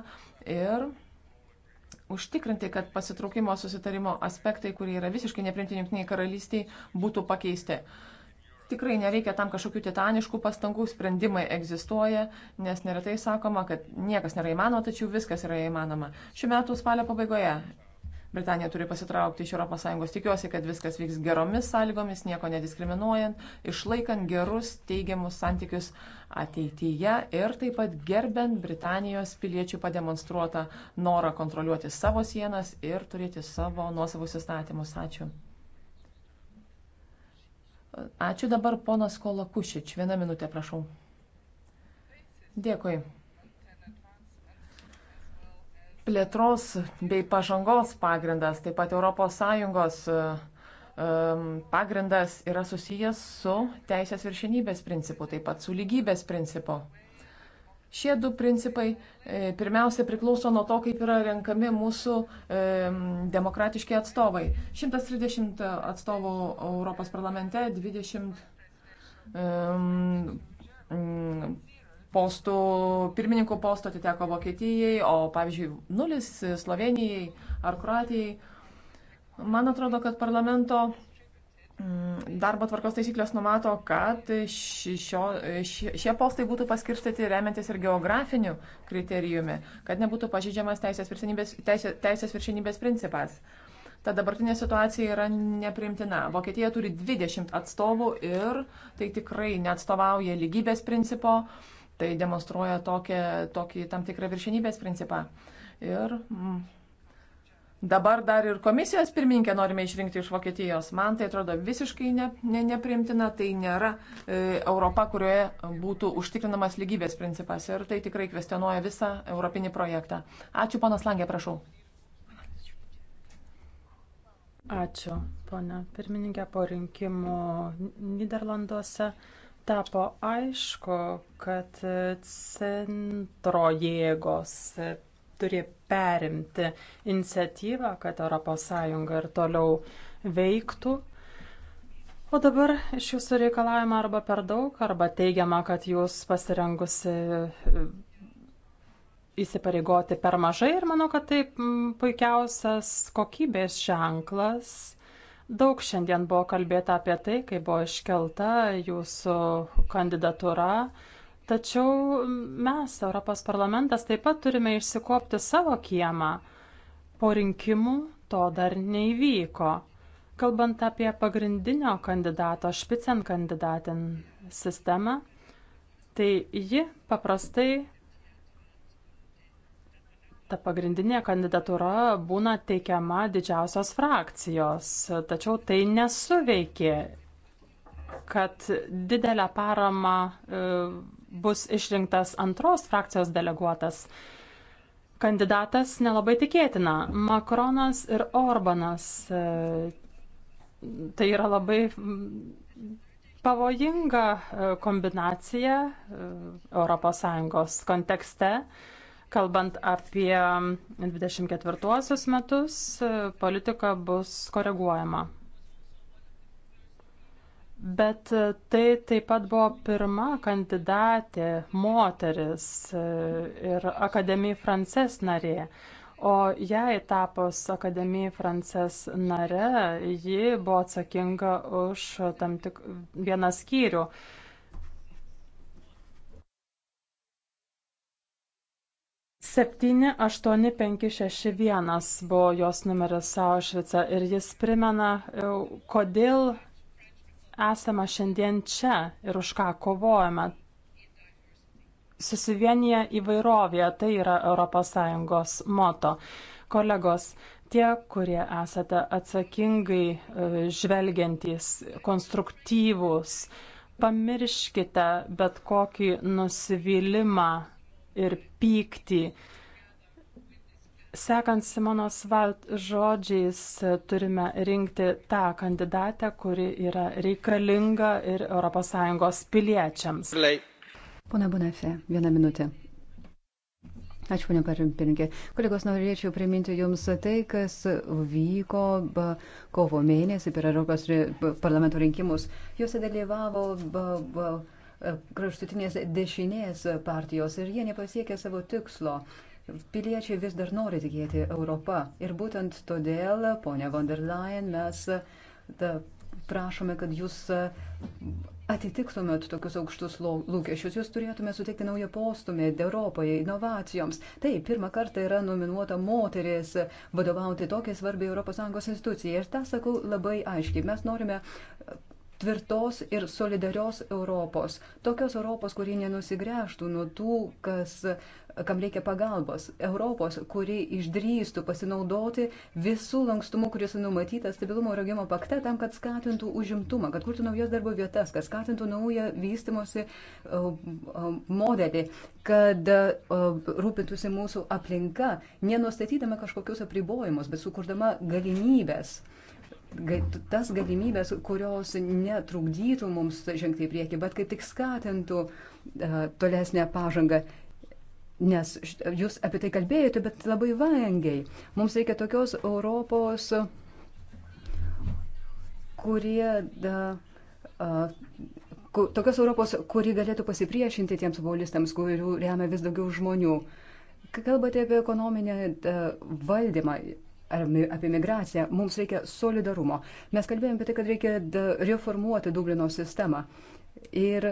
ir užtikrinti, kad pasitraukimo susitarimo aspektai, kurie yra visiškai neprimtini jungtiniai karalystiai, būtų pakeisti. Tikrai nereikia tam kažkokių titaniškų pastangų, sprendimai egzistuoja, nes neretai sakoma, kad niekas nėra įmanoma, tačiau viskas yra įmanoma. Šiuo metu spalio pabaigoje Britanija turi pasitraukti iš ES. Tikiuosi, kad viskas vyks geromis sąlygomis, nieko nediskriminuojant, išlaikant gerus teigiamus santykius ateityje ir taip pat gerbent Britanijos piliečių pademonstruotą norą kontroliuoti savo sienas ir turėti savo nuosavus įstatymus. Ačiū. Ačiū dabar ponas Kolakušič. Vieną minutę, prašau. Dėkui plėtros bei pažangos pagrindas, taip pat ES e, e, pagrindas yra susijęs su teisės viršinybės principu, taip pat su lygybės principu. Šie du principai e, pirmiausia priklauso nuo to, kaip yra renkami mūsų demokratiški atstovai. 130 atstovų Europos parlamente, 20 postų, pirmininkų postų atiteko Vokietijai, o pavyzdžiui, nulis Slovenijai ar Kroatijai. Man atrodo, kad parlamento mm, darbo tvarkos taisyklės numato, kad šio, šie, šie postai būtų paskirstyti remiantis ir geografiniu kriterijumi, kad nebūtų pažydžiamas teisės viršinybės, teisė, teisės viršinybės principas. Ta dabartinė situacija yra neprimtina. Vokietija turi 20 atstovų ir tai tikrai neatstovauja lygybės principo. Uh, Tai demonstruoja tokią, tokį tam tikrą viršinybės principą. Ir mm, dabar dar ir komisijos pirmininkę norime išrinkti iš Vokietijos. Man tai atrodo visiškai ne, ne, neprimtina. Tai nėra e, Europa, kurioje būtų užtikrinamas lygybės principas. Ir tai tikrai kvestionuoja visą europinį projektą. Ačiū, ponas Langė, prašau. Ačiū, ponia pirmininkė, po rinkimų Niderlanduose tapo aišku, kad centro jėgos turi perimti iniciatyvą, kad ES ir toliau veiktų. O dabar iš jūsų reikalavimą arba per daug, arba teigiama, kad jūs pasirengusi e, įsipareigoti per mažai ir manau, kad tai puikiausias kokybės ženklas Daug šiandien buvo kalbėta apie tai, kai buvo iškelta jūsų kandidatūra, tačiau mes, Europos parlamentas, taip pat turime išsikopti savo kiemą. Po rinkimų to dar neįvyko. Kalbant apie pagrindinio kandidato špicen kandidatin sistemą, tai ji paprastai ta pagrindinė kandidatūra būna teikiama didžiausios frakcijos, tačiau tai nesuveikė, kad didelę paramą e, bus išrinktas antros frakcijos deleguotas. Kandidatas nelabai tikėtina. Makronas ir Orbanas. E, tai yra labai mm, pavojinga e, kombinacija ES kontekste. Kalbant apie 24 metus, politika bus koreguojama. Bet tai taip pat buvo pirma kandidatė moteris ir Akademija Frances narė. O jai tapus Akademijai Frances nare, ji buvo atsakinga už tam tik vieną skyrių. 78561 buvo jos numeris Aušvica ir jis primena, e, kodėl esame šiandien čia ir už ką kovojame. Susivienyje įvairovėje, tai yra ES moto. Kolegos, tie, kurie esate atsakingai e, žvelgiantys, konstruktyvūs, pamirškite bet kokį nusivylimą ir pyktį. Sekant Simonos Valt žodžiais, turime rinkti tą kandidatę, kuri yra reikalinga ir ES piliečiams. Pone Bonafė, vieną minutę. Ačiū, ponia Parimpirinkė. Kolegos, norėčiau priminti Jums tai, kas vyko kovo mėnesį per Europos parlamento rinkimus. Juose dalyvavo. Ba, ba, kraštutinės dešinės partijos ir jie nepasiekė savo tikslo. Piliečiai vis dar nori tikėti Europą. Ir būtent todėl, ponia von der Leyen, mes ta, prašome, kad jūs atitiktumėt tokius aukštus lūkesčius. Jūs turėtumėt suteikti naują postumį Europai, inovacijoms. Tai pirmą kartą yra nominuota moteris vadovauti tokiai svarbiai ES institucijai. Ir tą sakau labai aiškiai. Mes norime tvirtos ir solidarios Europos. Tokios Europos, kuri nenusigręžtų nuo tų, kas, kam reikia pagalbos. Europos, kuri išdrįstų pasinaudoti visų lankstumų, kuris numatytas stabilumo ir augimo pakte, tam, kad skatintų užimtumą, kad kurtų naujas darbo vietas, kad skatintų naują vystimosi uh, uh, modelį, kad uh, rūpintųsi mūsų aplinka, nenustatydama kažkokius apribojimus, bet sukurdama galimybės tas galimybės, kurios netrukdytų mums žengti į priekį, bet kaip tik skatintų e, tolesnę pažangą. Nes jūs apie tai kalbėjote, bet labai vangiai. Mums reikia tokios Europos, kurie, da, a, ku, tokios Europos, kuri galėtų pasipriešinti tiems populistams, kurių remia vis daugiau žmonių. Kai kalbate apie ekonominę da, valdymą, apie migraciją, mums reikia solidarumo. Mes kalbėjome apie tai, kad reikia reformuoti Dublino sistemą. Ir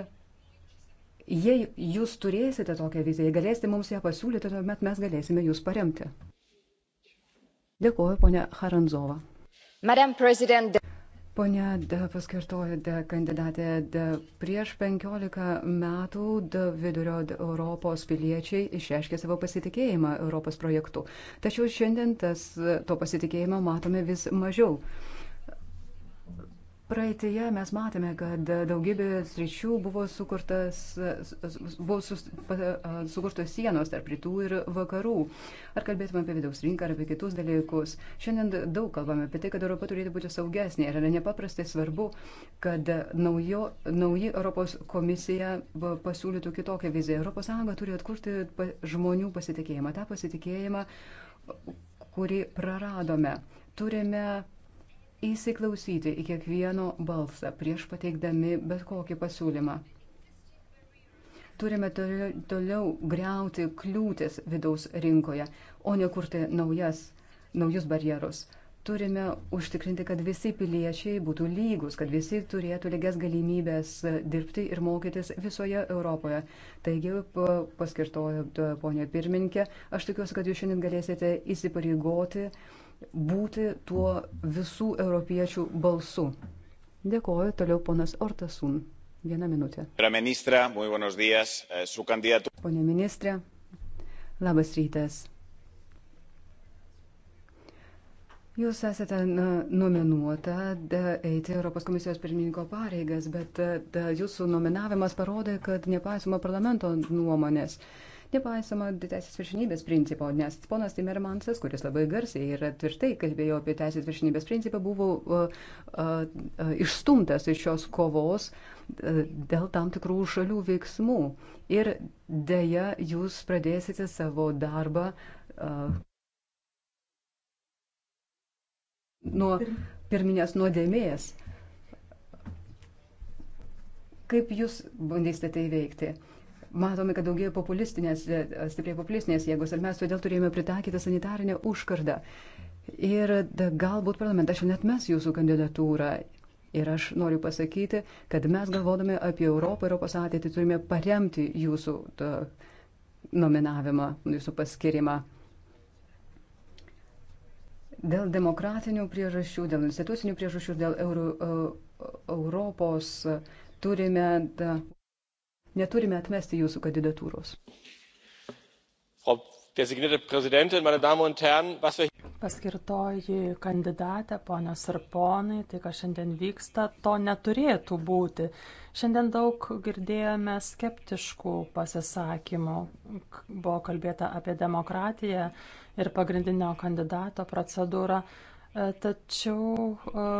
jei jūs turėsite tokią viziją, galėsite mums ją pasiūlyti, tuomet mes galėsime jūs paremti. Dėkuoju, ponia Haranzova. Madam President. Pone paskirtojo kandidatė, prieš 15 metų vidurio Europos piliečiai išreiškė savo pasitikėjimą Europos projektu. Tačiau šiandien tas, to pasitikėjimo matome vis mažiau. Praeitėje mes matėme, kad daugybė sričių buvo, sukurtas, buvo sus, sukurtos sienos tarp rytų ir vakarų. Ar kalbėtume apie vidaus rinką ar apie kitus dalykus. Šiandien daug kalbame apie tai, kad Europa turėtų būti saugesnė ir yra nepaprastai svarbu, kad naujo, nauji Europos komisija pasiūlytų kitokią viziją. ES turi atkurti žmonių pasitikėjimą, tą pasitikėjimą, kurį praradome. Turime įsiklausyti į kiekvieno balsą prieš pateikdami bet kokį pasiūlymą. Turime toliau greuti kliūtis vidaus rinkoje, o ne kurti naujas, naujus barjerus. Turime užtikrinti, kad visi piliečiai būtų lygus, kad visi turėtų lygias galimybės dirbti ir mokytis visoje Europoje. Taigi, paskirtojo ponė pirmininkė, aš tikiuosi, kad jūs šiandien galėsite įsipareigoti uh, būti tuo visų europiečių balsu. Dėkoju, toliau ponas Ortasun. Vieną minutę. Eh, Pone ministrė, labas rytas. Jūs esate nominuota eiti Europos komisijos pirmininko pareigas, bet da, jūsų nominavimas parodė, kad nepaisoma parlamento nuomonės. Uh, nepaisama teisės viršinybės principo, nes ponas Timermansas, kuris labai garsiai ir tvirtai kalbėjo apie teisės viršinybės principą, buvo uh, uh, uh, išstumtas iš šios kovos uh, dėl tam tikrų šalių veiksmų. Ir dėja, jūs pradėsite savo darbą uh, nuo pirminės nuodėmės. Kaip jūs bandysite tai veikti? Matome, kad daugėja populistinės, e, stipriai populistinės jėgos ir mes todėl turėjome pritaikyti sanitarinę užkardą. Ir da, galbūt parlamentas šiandien atmes jūsų kandidatūrą. Ir aš noriu pasakyti, kad mes galvodami apie Europą, Europos ateitį turime paremti jūsų to, nominavimą, jūsų paskirimą. Dėl demokratinių priežasčių, dėl institucinių priežasčių, dėl Euro, e, Europos turime. Da, Neturime atmesti jūsų kandidatūros. Paskirtoji kandidatė, ponios ir ponai, tai, kas šiandien vyksta, to neturėtų būti. Šiandien daug girdėjome skeptiškų pasisakymų. Buvo kalbėta apie demokratiją ir pagrindinio kandidato procedūrą. E, tačiau e,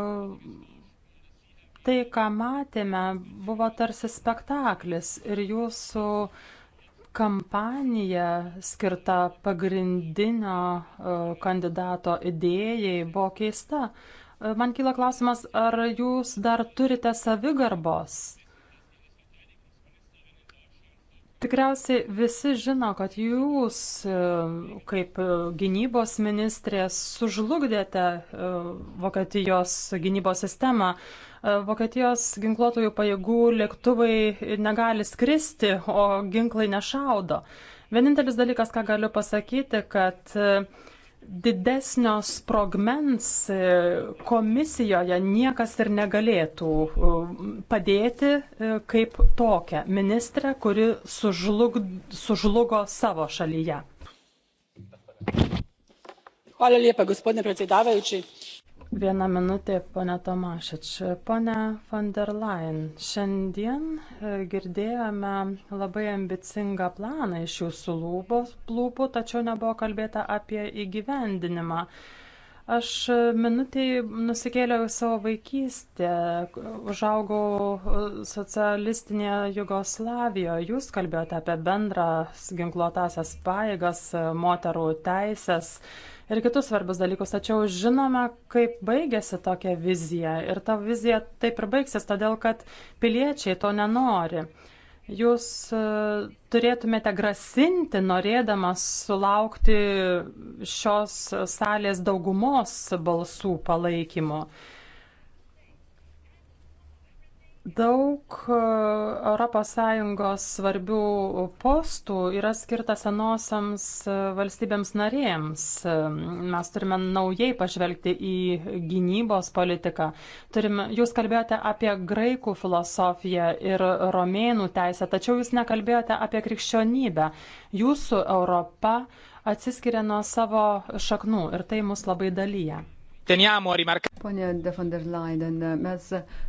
tai, ką matėme, buvo tarsi spektaklis ir jūsų kampanija skirta pagrindinio e, kandidato idėjai buvo keista. E, man kyla klausimas, ar jūs dar turite savigarbos? Tikriausiai visi žino, kad jūs e, kaip e, gynybos ministrės sužlugdėte e, Vokietijos gynybos sistemą. Vokietijos ginkluotojų pajėgų lėktuvai negali skristi, o ginklai nešaudo. Vienintelis dalykas, ką galiu pasakyti, kad uh, didesnio sprogmens e, komisijoje niekas ir negalėtų e, padėti e, kaip tokią ministrę, kuri sužlug, sužlugo savo šalyje. Hvala lijepa, gospodine predsjedavajući. Viena minutė, ponė Tomašič. Pone van der Leyen, šiandien e, girdėjome labai ambicingą planą iš jūsų lūpos, lūpų, tačiau nebuvo kalbėta apie įgyvendinimą. Aš minutiai nusikėliau į savo vaikystę, užaugau e, socialistinėje Jugoslavijoje. Jūs kalbėjote apie bendras ginkluotasias paėgas, e, moterų teisės ir kitus svarbius dalykus, tačiau žinome, kaip baigėsi tokia vizija ir ta vizija taip ir baigsis, todėl kad piliečiai to nenori. Jūs e, turėtumėte grasinti, norėdamas sulaukti šios salės daugumos balsų palaikymo. Daug ES svarbių postų yra skirta senosiams e, valstybėms narėms. E, mes turime naujai pažvelgti į gynybos politiką. Turime, jūs kalbėjote apie graikų filosofiją ir romėnų teisę, tačiau jūs nekalbėjote apie krikščionybę. Jūsų Europa atsiskiria nuo savo šaknų ir tai mus labai dalyja. Teniamo a rimarcare. Pone de von der Leyen, mes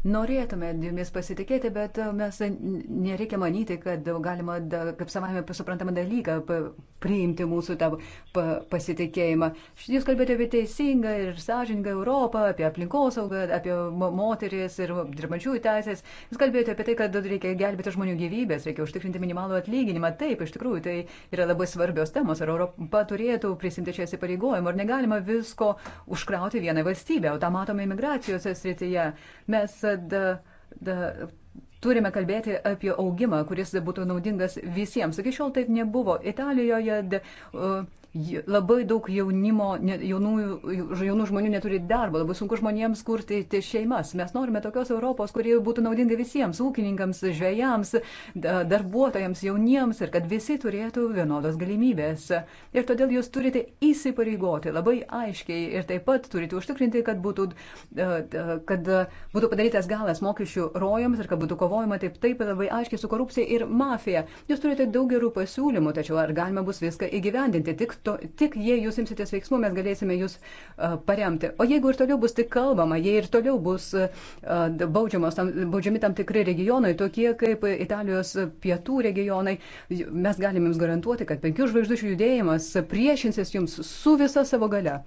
norėtume jumis pasitikėti, bet mes nereikia manyti, kad galima, kaip savame suprantamą dalyką, priimti mūsų tą pasitikėjimą. Jūs kalbėjote apie teisingą ir sąžiningą Europą, apie aplinkosaugą, apie moteris ir dirbančiųjų teisės. Jūs kalbėjote apie tai, kad reikia gelbėti žmonių gyvybės, reikia užtikrinti minimalų atlyginimą. Taip, iš tikrųjų, tai yra labai svarbios temos. Ar Europa turėtų prisimti šią įsipareigojimą, ar negalima visko užkrauti vienai valstybei, o tą matome imigracijos srityje. Mes da, da, turime kalbėti apie augimą, kuris būtų naudingas visiems. Iki šiol taip nebuvo. Italijoje Labai daug jaunimo, jaunų, jaunų žmonių neturi darbo, labai sunku žmonėms kurti šeimas. Mes norime tokios Europos, kurie būtų naudinga visiems - ūkininkams, žvėjams, darbuotojams, jauniems ir kad visi turėtų vienodas galimybės. Ir todėl jūs turite įsipareigoti labai aiškiai ir taip pat turite užtikrinti, kad būtų, kad būtų padarytas galas mokesčių rojams ir kad būtų kovojama taip taip labai aiškiai su korupcija ir mafija. Jūs turite daug gerų pasiūlymų, tačiau ar galima bus viską įgyvendinti tik to, tik jei jūs imsitės veiksmų, mes galėsime jūs uh, paremti. O jeigu ir toliau bus tik kalbama, jei ir toliau bus uh, tam, baudžiami tam tikri regionai, tokie kaip Italijos pietų regionai, mes galime jums garantuoti, kad penkių žvaigždučių judėjimas priešinsis jums su visa savo gale.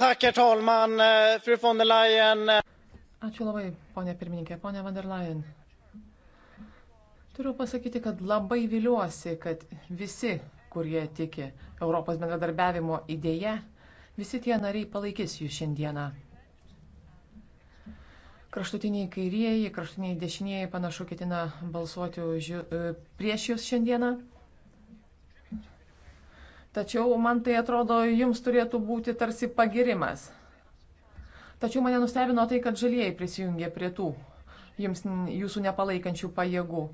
Herr talman, eh, fru von der Leyen. Eh. Ačiū labai, ponė pirmininkė, ponė von der Leyen. Turiu pasakyti, kad labai viliuosi, kad visi kurie tiki Europos bendradarbiavimo idėje, visi tie nariai palaikys jūs šiandieną. Kraštutiniai kairieji, kraštutiniai dešinieji panašu ketina balsuoti už, e, prieš jūs šiandieną. Tačiau man tai atrodo, jums turėtų būti tarsi pagirimas. Tačiau mane nustebino tai, kad žalieji prisijungė prie tų jums, jūsų nepalaikančių pajėgų.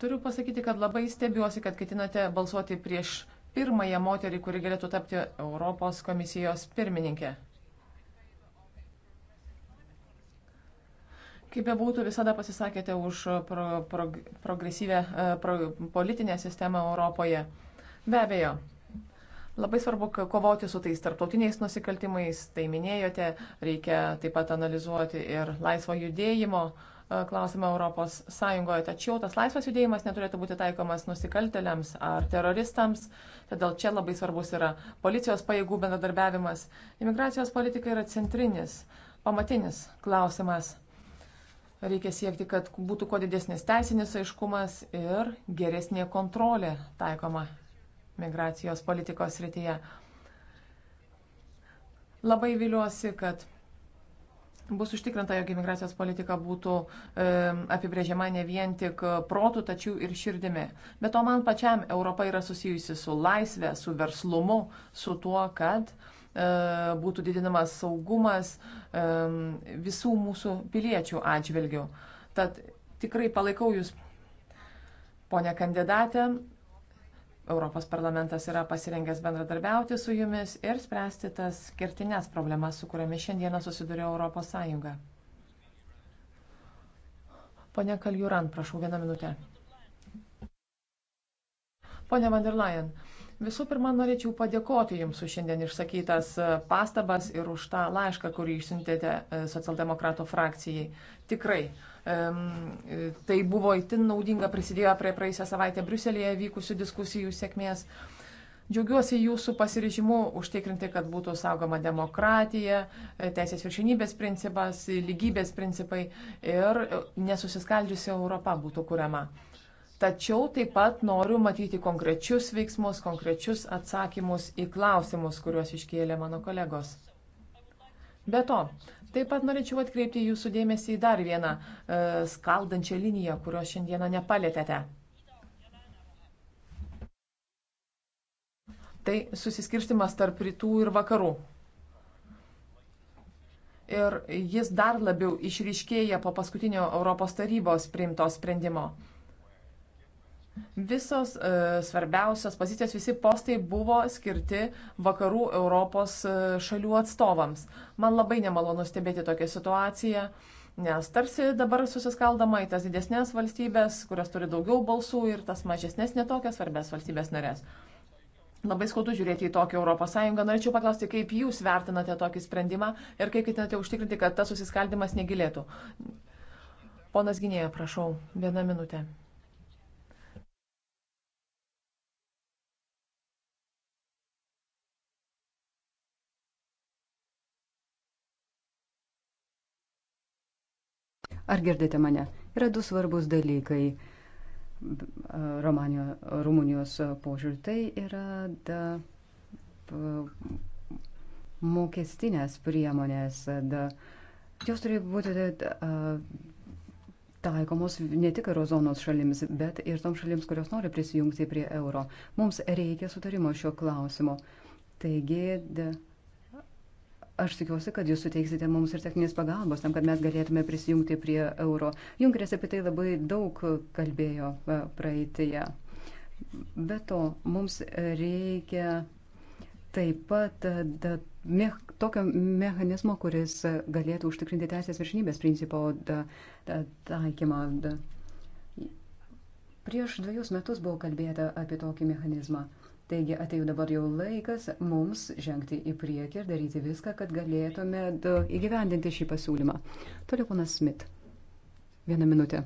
Turiu pasakyti, kad labai stebiuosi, kad ketinate balsuoti prieš pirmąją moterį, kuri galėtų tapti Europos komisijos pirmininkė. Kaip be būtų, visada pasisakėte už pro, pro, progresyvę e, pro, politinę sistemą Europoje. Be abejo, labai svarbu kovoti su tais tarptautiniais nusikaltimais, tai minėjote, reikia taip pat analizuoti ir laisvo judėjimo uh, klausimą Europos Sąjungoje. Tačiau tas laisvas judėjimas neturėtų būti taikomas nusikaltėliams ar teroristams. Todėl čia labai svarbus yra policijos pajėgų bendradarbiavimas. Imigracijos politika yra centrinis, pamatinis klausimas. Reikia siekti, kad būtų kuo didesnis teisinis aiškumas ir geresnė kontrolė taikoma migracijos politikos rytyje. Labai viliuosi, kad bus užtikrinta, jog imigracijos politika būtų e, apibrėžiama ne vien tik protų, tačiau ir širdimi. Bet o man pačiam Europa yra susijusi su laisvė, su verslumu, su tuo, kad e, būtų didinamas saugumas e, visų mūsų piliečių atžvilgių. Tad tikrai palaikau Jūs, ponė kandidatė, Europos parlamentas yra pasirengęs bendradarbiauti su jumis ir spręsti tas kertinės problemas, su kuriamis šiandieną susiduria Europos Sąjunga. Pone Kaljuran, prašau vieną minutę. Pone Van der Leyen, Visų pirma, norėčiau padėkoti Jums už šiandien išsakytas e, pastabas ir už tą laišką, kurį išsiuntėte e, socialdemokratų frakcijai. Tikrai. E, tai buvo itin naudinga, prisidėjo prie praėjusią savaitę Briuselėje vykusių diskusijų sėkmės. Džiaugiuosi jūsų pasirižimu užtikrinti, kad būtų saugoma demokratija, teisės viršinybės principas, lygybės principai ir nesusiskaldžiusi Europa būtų kuriama. Tačiau taip pat noriu matyti konkrečius veiksmus, konkrečius atsakymus į klausimus, kuriuos iškėlė mano kolegos. Be to, taip pat norėčiau atkreipti jūsų dėmesį į dar vieną e, skaldančią liniją, kurios šiandieną nepalėtėte. Tai susiskirstimas tarp rytų ir vakarų. Ir jis dar labiau išryškėja po paskutinio Europos tarybos priimto sprendimo. Visos e, svarbiausios pozicijos, visi postai buvo skirti vakarų Europos e, šalių atstovams. Man labai nemalonu stebėti tokią situaciją, nes tarsi dabar susiskaldama į tas didesnės valstybės, kurios turi daugiau balsų ir tas mažesnės netokias svarbės valstybės narės. Labai skaudu žiūrėti į tokią Europos Sąjungą. Norėčiau paklausti, kaip jūs vertinate tokį sprendimą ir kaip ketinate užtikrinti, kad tas susiskaldimas negilėtų. Ponas Gynėja, prašau, vieną minutę. Ar girdite mane? Yra du svarbus dalykai Romanio, Rumunijos požiūrį. Tai yra da, mokestinės priemonės. Da, jos turi būti da, taikomos ne tik eurozonos šalims, bet ir toms šalims, kurios nori prisijungti prie euro. Mums reikia sutarimo šio klausimo. Taigi, da, Aš tikiuosi, kad jūs suteiksite mums ir techninės pagalbos tam, kad mes galėtume prisijungti prie euro. Junkeris apie tai labai daug kalbėjo e, praeitėje. Be to, mums reikia taip pat e, da, me, tokio mechanizmo, kuris galėtų užtikrinti teisės viršinybės principo da, da, taikymą. Da. Prieš dviejus metus buvo kalbėta apie tokį mechanizmą. Taigi atėjo dabar jau laikas mums žengti į priekį ir daryti viską, kad galėtume įgyvendinti šį pasiūlymą. Toliau ponas Smith. Vieną minutę.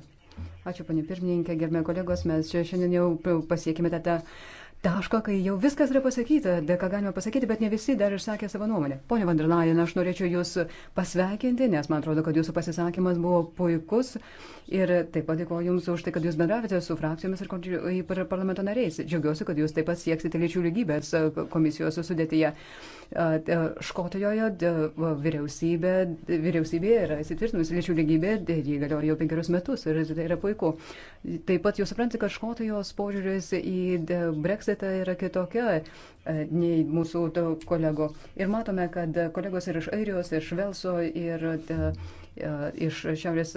Ačiū, panė pirmininkė, gerbė kolegos, mes šiandien jau pasiekime tą tašką, kai jau viskas yra pasakyta, ką galima pasakyti, bet ne visi dar išsakė savo nuomonę. Pone Vandralajan, aš norėčiau Jūs pasveikinti, nes man atrodo, kad Jūsų pasisakymas buvo puikus ir taip pat dėkoju Jums už tai, kad Jūs bendravėte su frakcijomis ir parlamento nariais. Džiaugiuosi, kad Jūs taip pat sieksite lyčių lygybės komisijos sudėtyje. Škotijoje vyriausybė, vyriausybė yra įsitvirtinusi lyčių lygybė ir jį galioja jau penkerius metus ir tai yra puiku. Taip pat Jūs suprantate, kad Škotijos požiūris į Brexit nuostata yra kitokia e, nei mūsų kolego. Ir matome, kad kolegos ir iš Airijos, ir iš Velso, ir e, e, iš Šiaurės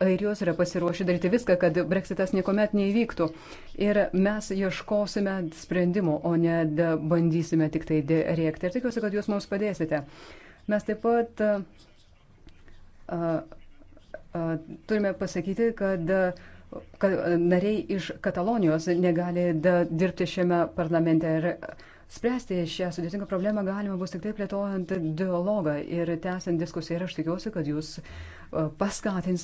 Airijos yra pasiruošę daryti viską, kad breksitas niekuomet neįvyktų. Ir mes ieškosime sprendimų, o ne bandysime tik tai rėkti. Ir tikiuosi, kad jūs mums padėsite. Mes taip pat a, a, turime pasakyti, kad a, nariai iš Katalonijos negali dirbti šiame parlamente. Ir spręsti šią sudėtingą problemą galima bus tik tai plėtojant dialogą ir tęsiant diskusiją. Ir aš tikiuosi, kad jūs e, paskatinsite.